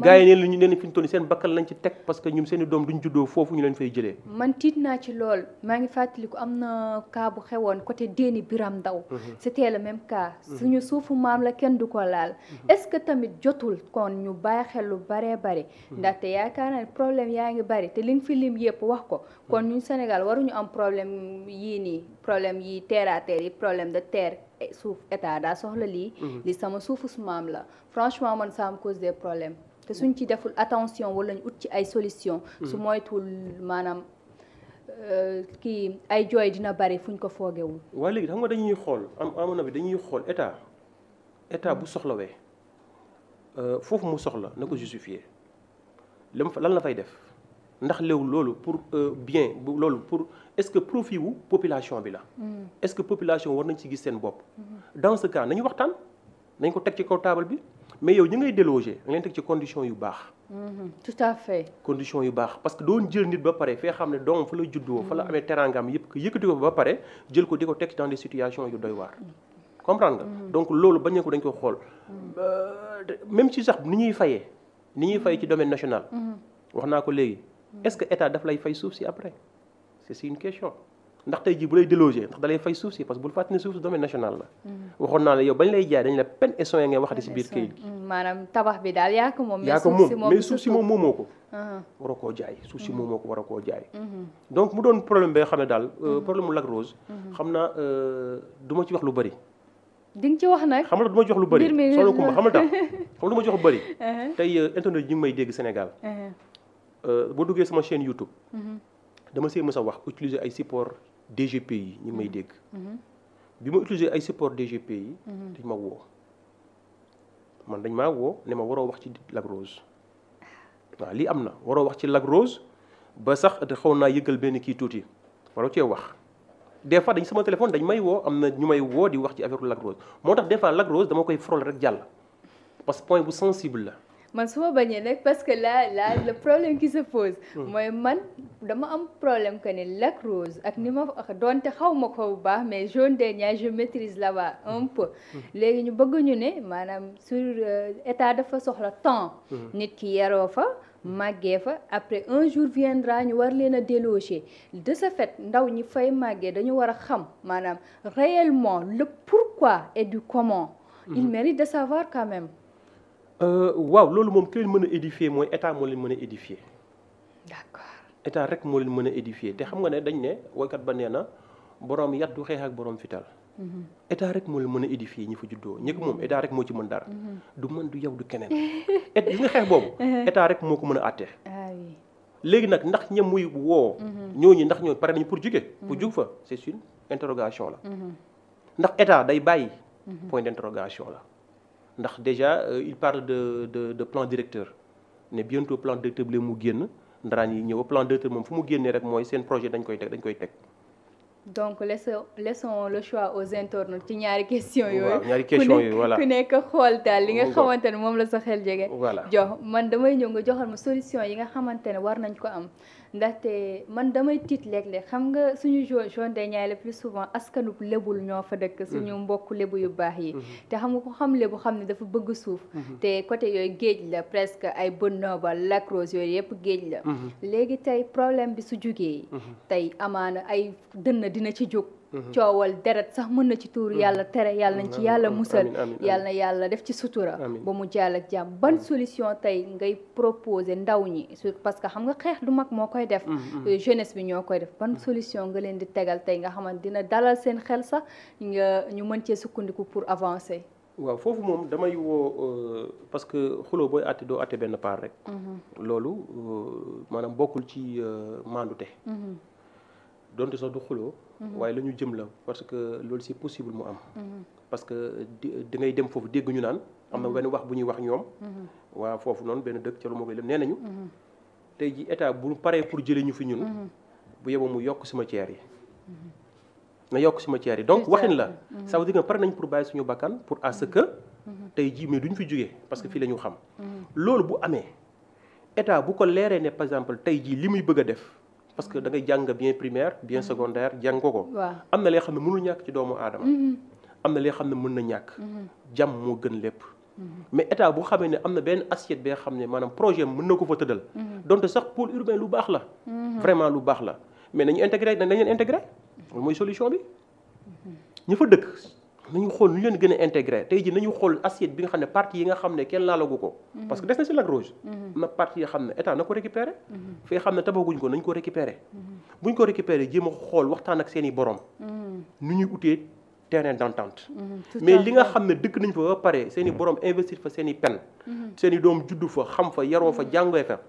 gaa yi neen la ñu neen fi ñu toll seen bakkal lañ ci teg parce que ñun seen i doom duñ juddoo foofu ñu leen fay jëlee man tiit naa ci lool maa ngi fàttaliku am na cas bu xewoon côté Déni Biram Ndaw mhm. c'était le même cas mhm. suñu suufu maam la kenn du ko laal mhm. est-ce que tamit jotul kon ñu bàyyi xel lu baree bari ndaxte yaakaar naa ne problème yaa ngi bari te li nga fi lim yëpp wax ko kon ñun Sénégal waruñu am problème yii nii problème yii terre à terre yi problème de terre Eh, suuf état daa soxla lii. Mhm. li sama suufu su maam la franchement man ça me cause des problèmes te suñ ci deful attention wala ñu ut ci ay solution mhm. su moytuwul maanaam euh, kii ay jooy dina bari fuñ ko foogewul. waaye léegi xam nga dañuy xool am amoon bi dañuy xool état état bu soxlawee euh, foofu mu soxla na ko justifier lan la fay def. ndax léew loolu pour euh, bien loolu pour est-ce que profit wu population bi la. Mm. est-ce que population war nañ ci gis seen bopp. Mm-hmm. dans ce cas nañu waxtaan nañ ko teg ci kaw taabal bi mais yow ñi ngay déloger nga leen teg ci condition yu baax. Mm-hmm. tout à fait. condition yu baax parce que doon jël nit ba pare fee xam ne doomam fa la juddoo fa la mm-hmm. amee teraangaam yëpp yëkkati ko ba pare jël ko di ko teg dans des situations yu doy waar. comprendre nga. donc loolu bañ ko dañ ko xool. Euh, même si sax ni ñuy fayee ni ñuy fayee ci domaine national. wax naa ko léegi. est-ce que état daf lay fay suuf si après c'est une question ndax tey jii bu lay déloger ndax da fay suuf si parce que bul fàttali ne suuf si domaine national la. Mm-hmm. waxoon naa la yow bañ lay jaay dañ la peine et soin mm-hmm. bi daal yaa ko moom. mais suuf si moom mais suuf ko. Uh-huh. waroo koo jaay suuf si mm-hmm. moomoo ko waroo koo jaay. donc mu doon problème bi nga xam ne daal euh, problème mu Lac Rose. xam naa euh, du ma ci wax lu bëri. di nga ci wax nag. xam nga du ma ci wax lu bëri. mbir mi xam nga tax xam nga du ma ci wax lu bëri. Uh-huh. tey euh, internet yi ñu ngi may dégg Sénégal. Uh-huh. Euh, boo duggee sama chaîne YouTube. Mhm. dama see mës a wax utiliser ay support DGPI ñu may mhm. dégg. Mhm. bi ma utiliser ay support DGPI. dañ ma woo man dañ maa woo ne ma waroo wax ci Lac Rose waaw lii am na waroo wax ci Lac Rose ba sax xaw naa yëgal benn kii tuuti waroo cee wax. des fois dañ sama téléphone dañ may woo am na ñu may woo di wax ci affaire Lac Rose moo tax des fois Lac Rose dama koy frôle rek jàll parce que point bu sensible la. man su ma bañee nag parce que là là hmm. le problème qui se pose. Hmm. mooy man dama am problème que ni Lac Rose ak ni ma doonte xaw ma ko bu baax mais zone des Niayes je maîtrise là un peu. Hmm. léegi ñu bëgg ñu ne maanaam sur euh, état dafa soxla temps. nit ki yaroo fa. màggee fa après un jour viendra ñu war leen a déloger de ce fait ndaw ñi fay màggee dañu war a xam maanaam réellement le pourquoi et du comment. il mérite de savoir quand même. Euh, waaw loolu moom ki leen mën a édifier mooy état moo leen mën a édifier. d'accord état rek moo leen mën a édifier te xam nga ne dañ ne woykat ba nee na borom yat du xeex ak borom fital mhm. état rek moo leen mën a édifier ñi fa juddoo ñi ko moom état rek moo ci mën dara. Mhm. du man du yow du keneen. et gis nga xeex boobu. Mhm. état rek moo ko mën a àtte. Ah léegi nag ndax ña muy woo. ñooñu ndax ñoo pare nañu pour juge. bu jug fa c'est une interrogation la. ndax état day bàyyi. point d'interrogation la. ndax déjà euh, il parle de de de plan directeur ne bientôt plan directeur bi la mu génn ndaraan yi ñëw plan directeur moom fu mu génnee rek mooy seen projet dañ koy teg dañ koy teg. donc laissons laissons le choix aux internautes ci ñaari question yooyu ñaari question yooyu voilà ku nekk xool daal li nga xamante ne moom la sa xel jege. voilà jox man damay ñëw nga joxal ma solution yi nga xamante ne war nañ ko am. ndaxte man damay tiit léeg-léeg xam nga suñu zone des Niayes la plus souvent askanu lebul ñoo fa dëkk mm-hmm. suñu mbokk lebu yu baax yi mm-hmm. te xamu ko xam lebu xam ne dafa bëgg suuf mm-hmm. te côté yooyu géej la presque ay Bonnoba Lac Rose yooyu yëpp géej la léegi tey problème bi su jugee tey amaana ay dënn dina ci jóg Mhm. coowal deret sax mën na ci tuur mhm. yàlla tere yàlla nañ ci mhm. yàlla musal yàlla na yàlla def ci sutura ba mu jàll ak jàmm ban solution tey ngay proposer ndaw ñi parce que xam nga xeex du mag moo koy def euh, jeunesse bi ñoo koy def ban solution nga leen di tegal tey nga xamante dina dalal seen xel sax nga ñu mën cee sukkandiku pour avancer waaw foofu moom damay woo euh, parce que xuloo booy àtte doo àtte benn part rek loolu euh, maanaam bokkul ci maandute donte sax du xuloo mhm. waaye la ñu jëm la parce que loolu si possible mu am mhm. parce que di ngay dem foofu dégg ñu naan am na mhm. benn wax bu ñuy wax ñoom waa foofu noonu benn dëkk ca lu ma koy lem nee nañu tey ji état bu paree pour jëlee ñu fi ñun bu yeboo mu yokk cimetière yi na yokk cimetière yi donc waxin la ça veut que nañ pour bàyyi suñu bakkan pour à que tey jii mais duñ fi jógee parce que fii la ñu xam loolu bu amee état bu ko leeree ne par exemple tey jii li muy bëgg a def parce que da ngay jàng bien primaire bien mm-hmm. secondaire jàng ko ko. am na lee xam ne mënul ñàkk ci doomu aadama. Mm-hmm. am na lee xam ne mën na ñàkk. Mm-hmm. jàmm moo gën lépp. mais état bu xamee ne am na benn assiette bee xam ne maanaam projet mën na ko fa tëddal. donte sax pôle urbain lu baax la. vraiment lu baax la mais nañu intégré nañ leen intégré. loolu mooy solution bi. ñu fa dëkk. nañu xool nu leen gën a intégré tey ji nañu xool assiette bi nga xam ne parti yi nga xam ne kenn laalagu ko mhm. parce que des na si Lac Rose mhm. na parti yi xam ne état na ko récupéré mhm. fi nga xam ne tabaguñ ko nañ ko récupéré buñ ko récupéré jéem a xool waxtaan ak seen i nu ñuy utee terrain d'entente mais li nga xam ne dëkk nañ fa ba pare seen i borom investir fa seen i pen seeni doom juddu fa xam fa yaroo fa jàngee fa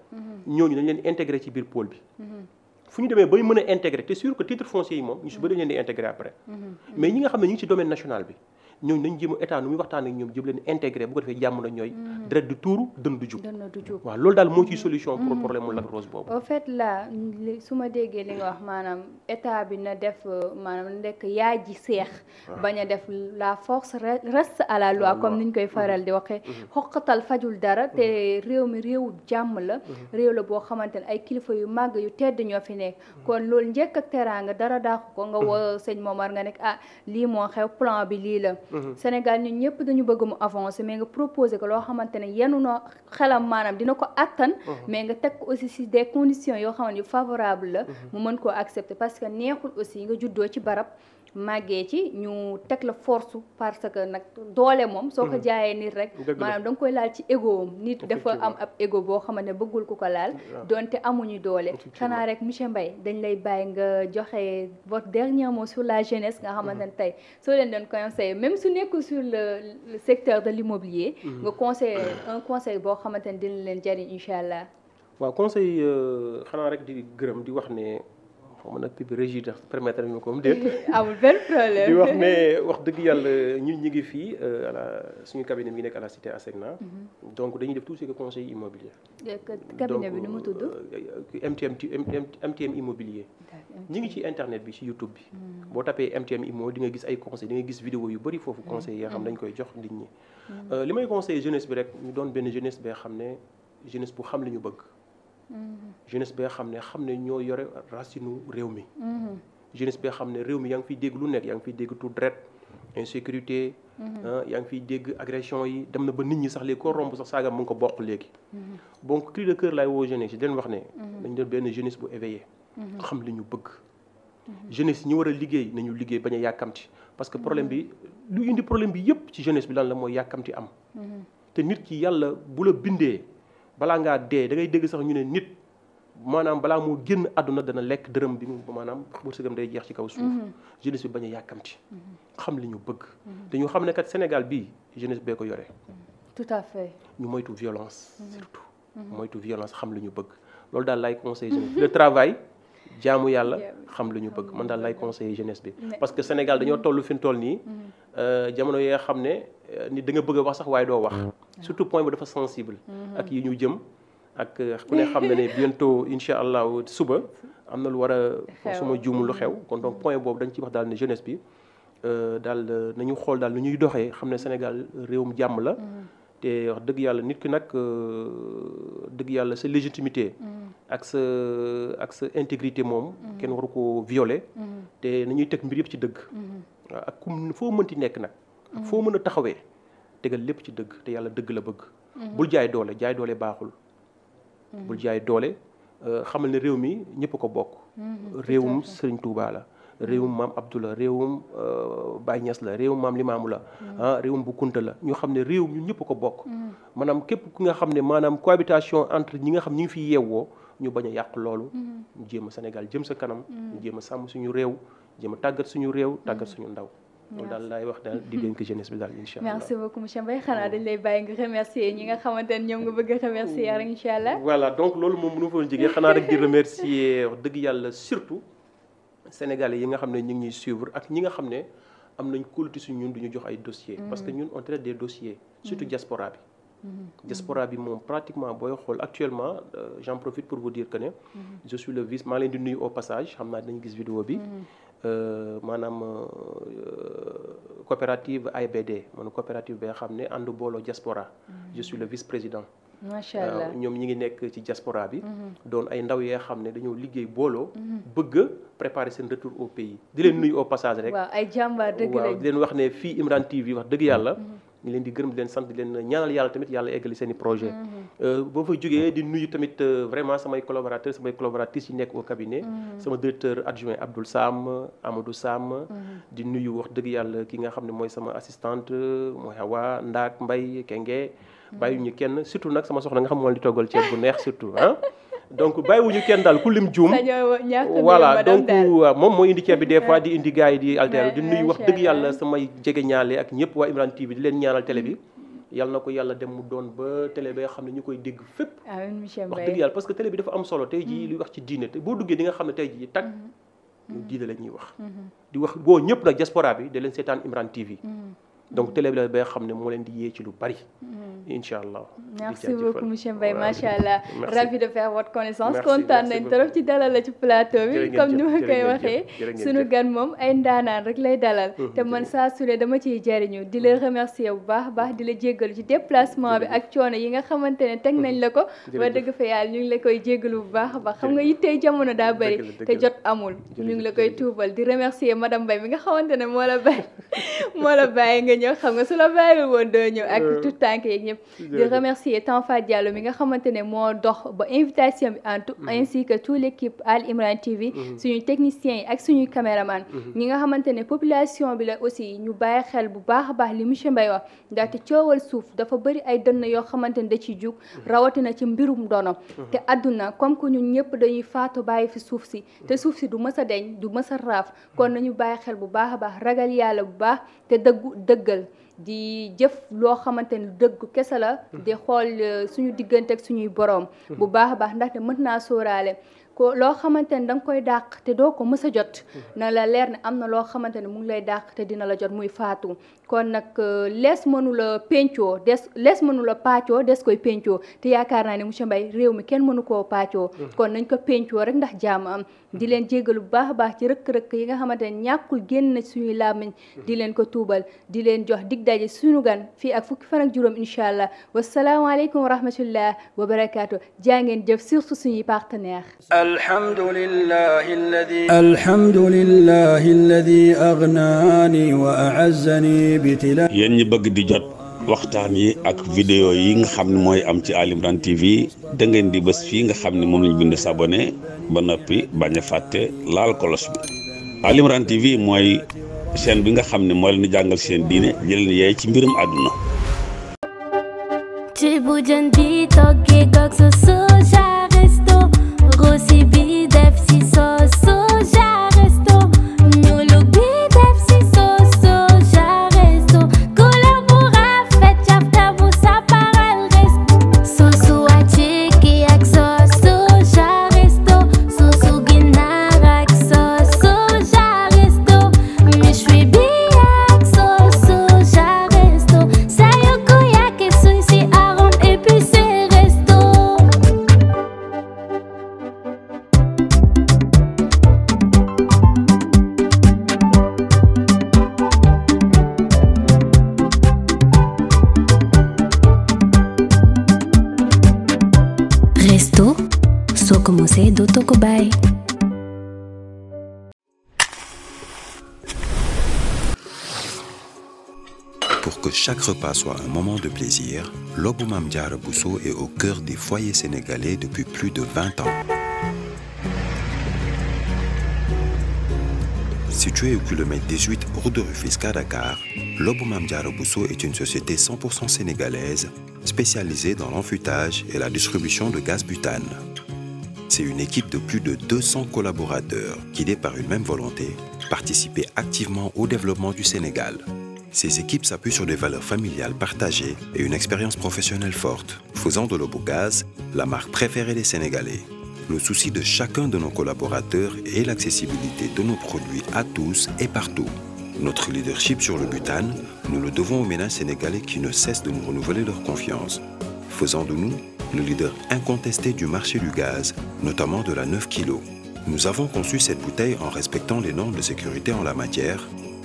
ñooñu dañ leen intégré ci biir pôle bi fu ñu demee bay mën a intégrer te sûr que titre foncier yi moom ñu si bëri leen di intégrer après mm-hmm. mais ñi nga xam ne ñu ngi ci domaine national bi ñooñu nañ jéem a état nu muy waxtaan ak ñoom jëm leen intégré bu ko defee jàmm na ñooy mm. deret du du jub waaw loolu mm. solution pour mm. problème mu Lac Rose boobu au fait su ma déggee wax maanaam état bi na def euh, maanaam nekk yaa ji seex ah. bañ a def la force reste à la loi koy mm-hmm. faral di waxee mm-hmm. xoqatal fajul dara te mm-hmm. réew mi réewu jàmm la réew la boo xamante ne ay kilifa yu màgg yu tedd ñoo fi nekk kon loolu njëkk ak teraanga dara daaxu ko nga woo moom Momar nga nekk ah lii moo xew plan bi lii la Mm-hmm. Sénégal ñun ñëpp dañu bëgg mu avancer mais nga proposé ko loo xamante ne yenu na xelam maanaam dina ko attan mm-hmm. mais nga teg ko aussi si des conditions yoo xamante yu favorable la mm-hmm. mu mën koo accepter parce que neexul aussi nga juddoo ci barab màggee ci ñu teg la force parce que nag doole moom soo ko mm-hmm. jaayee nit rek maanaam da nga koy laal ci ego am nit dafa am ab égo boo xamante ne bëggul ku ko laal donte amuñu doole xanaa rek monsieur mbay dañ lay bàyyi nga joxe votre dernier mot sur la jeunesse nga xamante ne mm-hmm. tey soo leen doon conseillé même su nekkul sur le secteur de l'immobilier mm-hmm. nga conseillé un conseil boo xamante ne dina leen jariñ incha allah waaw conseil euh, xanaa rek di gërëm di wax ne xaw ma nag pub régie ndax permettre ko am déet. amul benn problème di wax ne wax dëgg yàlla ñu ñu ngi fii euh, à la suñu cabinet bi nekk à la cité ASECNA. Mhm. donc dañuy def tout ce que conseil immobilier. cabinet bi nu mu tudd. Euh, MTM MTM immobilier. ñu ngi ci internet bi ci YouTube bi. Mhm. boo tapee MTM immo di nga gis ay conseils di gis vidéo yu bëri foofu mhm. conseil yoo xam dañ koy jox nit ñi. Euh, li may conseil jeunesse bi rek ñu doon benn jeunesse bee xam ne jeunesse bu xam li ñu bëgg. jeunesse bi nga xam ne xam ne ñoo yore racinu réew mi. Mhm. jeunesse bi xam ne réew mi yaa ngi fiy dégg lu nekk yaa ngi fiy dégg tout dret sécurité mhm. ah, yaa ngi fiy dégg agression yi dem na ba nit ñi sax léegi koo romb sax saaga mu ngi ko bokk léegi. Mhm. donc ki de kër laay woo jeunesse yi di leen wax ne. dañ doon benn jeunesse bu éveillé. xam li ñu bëgg. jeunesse ñi war a liggéey nañu liggéey bañ a yàkkamti parce que problème bi lu indi problème bi yëpp ci jeunesse bi lan la mooy yàkkamti am. te nit ki yàlla bu bindee. balaa ngaa dee da ngay dégg sax ñu ne nit maanaam balaa moo génn àdduna dana lekk dërëm bi mu maanaam wërsëgam day jeex ci kaw suuf mhm. jeunesse bi bañ a yàkkamti mhm. xam li ñu bëgg mhm. te ñu xam ne kat Sénégal bi jeunesse bee ko yore tout à fait ñu moytu violence surtout moytu violence xam li ñu bëgg loolu daal lay conseil jeunesse le travail jaamu yàlla xam lu ñu bëgg man daal lay conseil jeunesse bi parce que Sénégal dañoo toll fi mu toll nii euh, jamono yi xam ne euh, ni da nga bëgg wax sax waaye doo wax surtout point bu dafa sensible. Mhm. ak yi ñu jëm ak euh, ku ne xam na ne bientôt incha allah suba am na lu war a. suma juum lu xew kon donc mhm. point boobu dañ ci wax daal ne jeunesse bi euh, daal euh, nañu xool daal nu ñuy doxee xam ne mhm. Sénégal réewum jàmm la. te wax dëgg yàlla nit ki nag dëgg yàlla sa légitimité ak sa intégrité moom kenn waru ko violer te nañuy teg mbir yëpp ci dëgg ak kum foo mënti nekk nag ak foo mën a taxawee tegal lépp ci dëgg te yàlla dëgg la bëgg. Mhm. bul jaay doole jaay doole baaxul. Mhm. bul jaay doole euh, xamal ne réew mi ñëpp ko bokk. Mhm, réewum Serigne Touba la. réewum maam Abdoula réewum euh, Baye ñas la réewum maam Limaamu la ah réewum bu Kunta la ñu xam ne réew mi ñëpp ko bokk. maanaam képp ku nga xam ne maanaam cohabitation entre ñi nga xam ñi ngi fi yeewoo ñu bañ a yàq loolu. ñu jéem a Sénégal jëm sa kanam. ñu a sàmm suñu réew jëm a tàggat suñu réew tàggat suñu ndaw. loolu daal laay wax daal di dénk jeunesse bi daal incha allah merci beaucoup monsieur Mbaye xanaa dañ lay bàyyi nga remercier ñi nga xamante ne ñoom nga bëgg a remercier rek incha allah voilà donc loolu moom mënu foon jigee xanaa rek di remercier dëgg yàlla surtout sénégalais yi nga xam ne ñu ngi ñuy suivre ak ñi nga xam ne am nañ kóolute suñ ñun duñu jox ay dossiers mm. parce que ñun on traite des dossiers surtout mm. diaspora bi mm-hmm. diaspora bi moom pratiquement booy xool actuellement euh, j'en pour vous dire que ne mm-hmm. xam naa dañ gis vidéo bi mm-hmm. Euh, euh, maanaam coopérative AIBD man coopérative bi xam ne ànd booloo jaspora mm-hmm. je suis le vice président. macha ñoom ñi ngi nekk ci jaspora bi. Mm-hmm. doon ay ndaw yoo xam ne dañoo liggéey booloo. Mm-hmm. bëgg a préparer seen retour au pays. di leen nuyu au passage rek. ay jàmbaar waaw di leen wax ne fii Imran TV wax dëgg yàlla. leen di gërëm di leen sant di leen ñaanal yàlla tamit yàlla eggali seen i projet mhm. euh, boo fa jógee di nuyu tamit euh, vraiment samay collaborateurs samay collaboratrices yi nekk au cabinet mhm. sama directeur adjoint Abdoul Sam amadu Sam mhm. di nuyu wax dëgg yàlla ki nga xam ne mooy sama assistante mooy Hawa Ndaak Mbay Kenge bàyyi ñu kenn surtout nag sama soxna nga xam moom di toggal ceeb bu neex surtout ah donc bàyyiwuñu kenn daal ku lim juum voilà donc euh, moom moo indi ceeb bi des fois di indi gars yi di alter di nuyu wax dëgg yàlla samay jege ñaale ak ñëpp waa Imran TV di leen ñaanal télé bi yàlla na ko yàlla dem mu doon ba télé ba xam ne ñu koy dégg fépp wax dëgg yàlla parce que télé bi dafa am solo tey jii mm-hmm. luy wax ci diine te boo duggee di xam ne tey jii tag mm-hmm. diine la ñuy wax mm-hmm. di wax boo ñëpp nag diaspora bi da leen seetaan Imran TV donc télé bi la ba xam ne moo leen di yee ci lu bari. Mm-hmm. incha allah merci beaucoup monsieur Mbaye macha allah ravi de faire votre connaissance kontaan nañ trop ci dalal la ci plateau bi comme ni ma koy waxee sunu gan moom ay ndaanaan rek lay dalal mm-hmm. te man saa su ne dama ciy jariñu di la mm-hmm. remercier bu baax baax di la jéggalu ci déplacement bi ak coono yi nga xamante ne teg nañ la ko ba dëgg fa yàlla ñu ngi la koy jéggalu bu baax baax xam nga yittee jamono daa bëri te jot amul ñu ngi la koy tuubal di remercier madame Mbaye mi nga xamante ne moo la bàyyi ñëw xam nga su la bàyyi woon doo ñëw ak euh, tout tànk yeeg ñëpp di remercier Tanfa Diallo mi nga xamante ne moo dox ba invitation bi en tout mhm. ainsi que toute l'équipe Al Imran TV mhm. suñu techniciens yi ak suñuy caméraman mhm. ñi nga xamante ne population bi la aussi ñu bàyyi xel bu baax a baax li monsieur Mbaye wax ndaxte coowal suuf dafa bëri ay dënn yoo xamante ne da ciy jug rawatina ci mbirum dono te àdduna comme que ñun ñëpp dañuy faatu bàyyi fi suuf si te suuf si du mës a deñ du mës a raaf kon bu baax a baax di jëf loo xamante ne dëggu kese la di xool euh, suñu diggante ak suñuy boroom bu baax a baax ndaxte mën naa sóoraale ko loo xamante ne da koy dàq te doo ko mës jot hmm. na la leer ne am na loo xamante ne mu ngi lay dàq te dina la jot muy faatu kon nag euh, lees mënula pencoo des lees mënula paccoo des koy pencoo ti yaakaar naa ne monsieur Mbaye réew mi kenn mënu koo paccoo mm-hmm. kon nañ ko pencoo rek ndax jaam am di leen mm-hmm. jégalu bu baax a baax ci rëkk-rëkk yi nga xamante ne ñàkkul génn na suñuy làmmiñ mm-hmm. di leen ko tuubal di leen jox dig daje suñu gan fii ak fukki fan ak juróom incha allah wasalaamaaleykum wa rahmatullah wa barakaatu jaa ngeen jëf surtout suñuy partenaire alhamdulillahi alladi alhamdulillahi alladi aghnani wa a'azzani yéen ñi bëgg di jot waxtaan yi ak video yi nga xam ne mooy am ci Ali Imran TV da di bés fi nga xam ne moom lañ bind sabone ba noppi bañ a fàtte laal kolos bi Ali Imran TV mooy seen bi nga xam ne mooy leen jàngal seen diine di leen ci mbirum àdduna. repas soit un moment de plaisir, Lobou Mame est au cœur des foyers sénégalais depuis plus de 20 ans. Situé au kilomètre 18 route de Rufisque à Dakar, Lobou Mame est une société sénégalaise spécialisée dans l'enfûtage et la distribution de gaz butane. C'est une équipe de plus de 200 collaborateurs guidés par une même volonté, participer activement au développement du Sénégal. Ces équipes s'appuient sur des valeurs familiales partagées et une expérience professionnelle forte, faisant de Lobogaz la marque préférée des Sénégalais. Le souci de chacun de nos collaborateurs est l'accessibilité de nos produits à tous et partout. Notre leadership sur le butane, nous le devons aux ménages sénégalais qui ne cessent de nous renouveler leur confiance, faisant de nous le leader incontesté du marché du gaz, notamment de la 9 kg.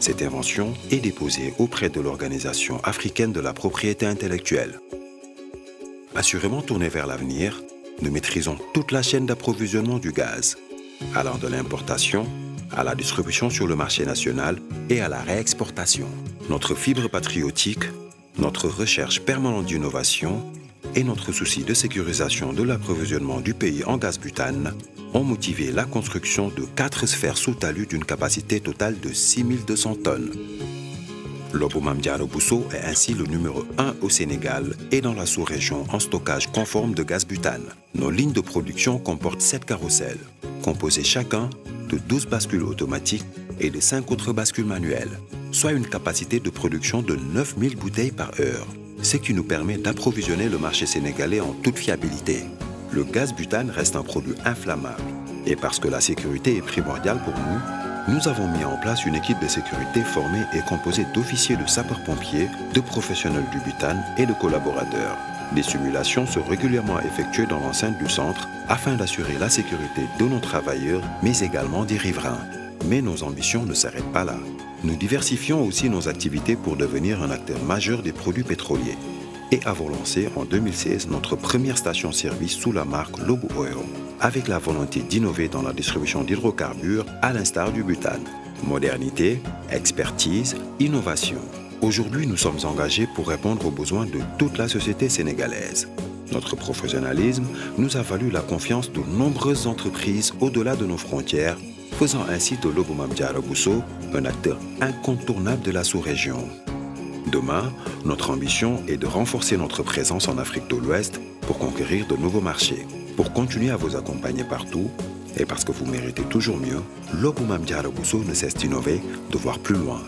Cette invention est déposée auprès de l'Organisation africaine de la propriété intellectuelle. Assurément tournée vers l'avenir, nous maîtrisons toute la chaîne d'approvisionnement du gaz, allant de l'importation à la distribution sur le marché national et à la réexportation. Notre fibre patriotique, notre recherche permanente d'innovation et notre souci de sécurisation de l'approvisionnement du pays en gaz butane ont motivé la construction de quatre sphères sous talus d'une capacité totale de 6200 tonnes. L'Oboumam Diallo Bousso est ainsi le numéro 1 au Sénégal et dans la sous-région en stockage conforme de gaz butane. Nos lignes de production comportent 7 carrousels, composés chacun de 12 bascules automatiques et de 5 autres bascules manuelles, soit une capacité de production de ce qui nous permet d'approvisionner le marché sénégalais en toute fiabilité. Le gaz butane reste un produit inflammable. Et parce que la sécurité est primordiale pour nous, nous avons mis en place une équipe de sécurité formée et composée d'officiers de sapeurs-pompiers, de professionnels du butane et de collaborateurs. Des simulations sont régulièrement effectuées dans l'enceinte du centre afin d'assurer la sécurité de nos travailleurs, mais également Nous diversifions aussi nos activités pour devenir un acteur majeur des produits pétroliers et avons lancé en 2016 notre première station-service sous la marque Lobo Oil, avec la volonté d'innover dans la distribution d'hydrocarbures à l'instar du butane. Modernité, expertise, innovation. Aujourd'hui, nous sommes engagés pour répondre aux besoins de toute la société sénégalaise. Notre professionnalisme nous a valu la confiance de nombreuses entreprises au faisant ainsi de Lobo Mame un acteur incontournable de la sous-région. Demain, notre ambition est de renforcer notre présence en Afrique de l'Ouest pour conquérir de nouveaux marchés. Pour continuer à vous accompagner partout, et parce que vous méritez toujours mieux, Lobo Mame ne cesse d'innover, de voir plus loin.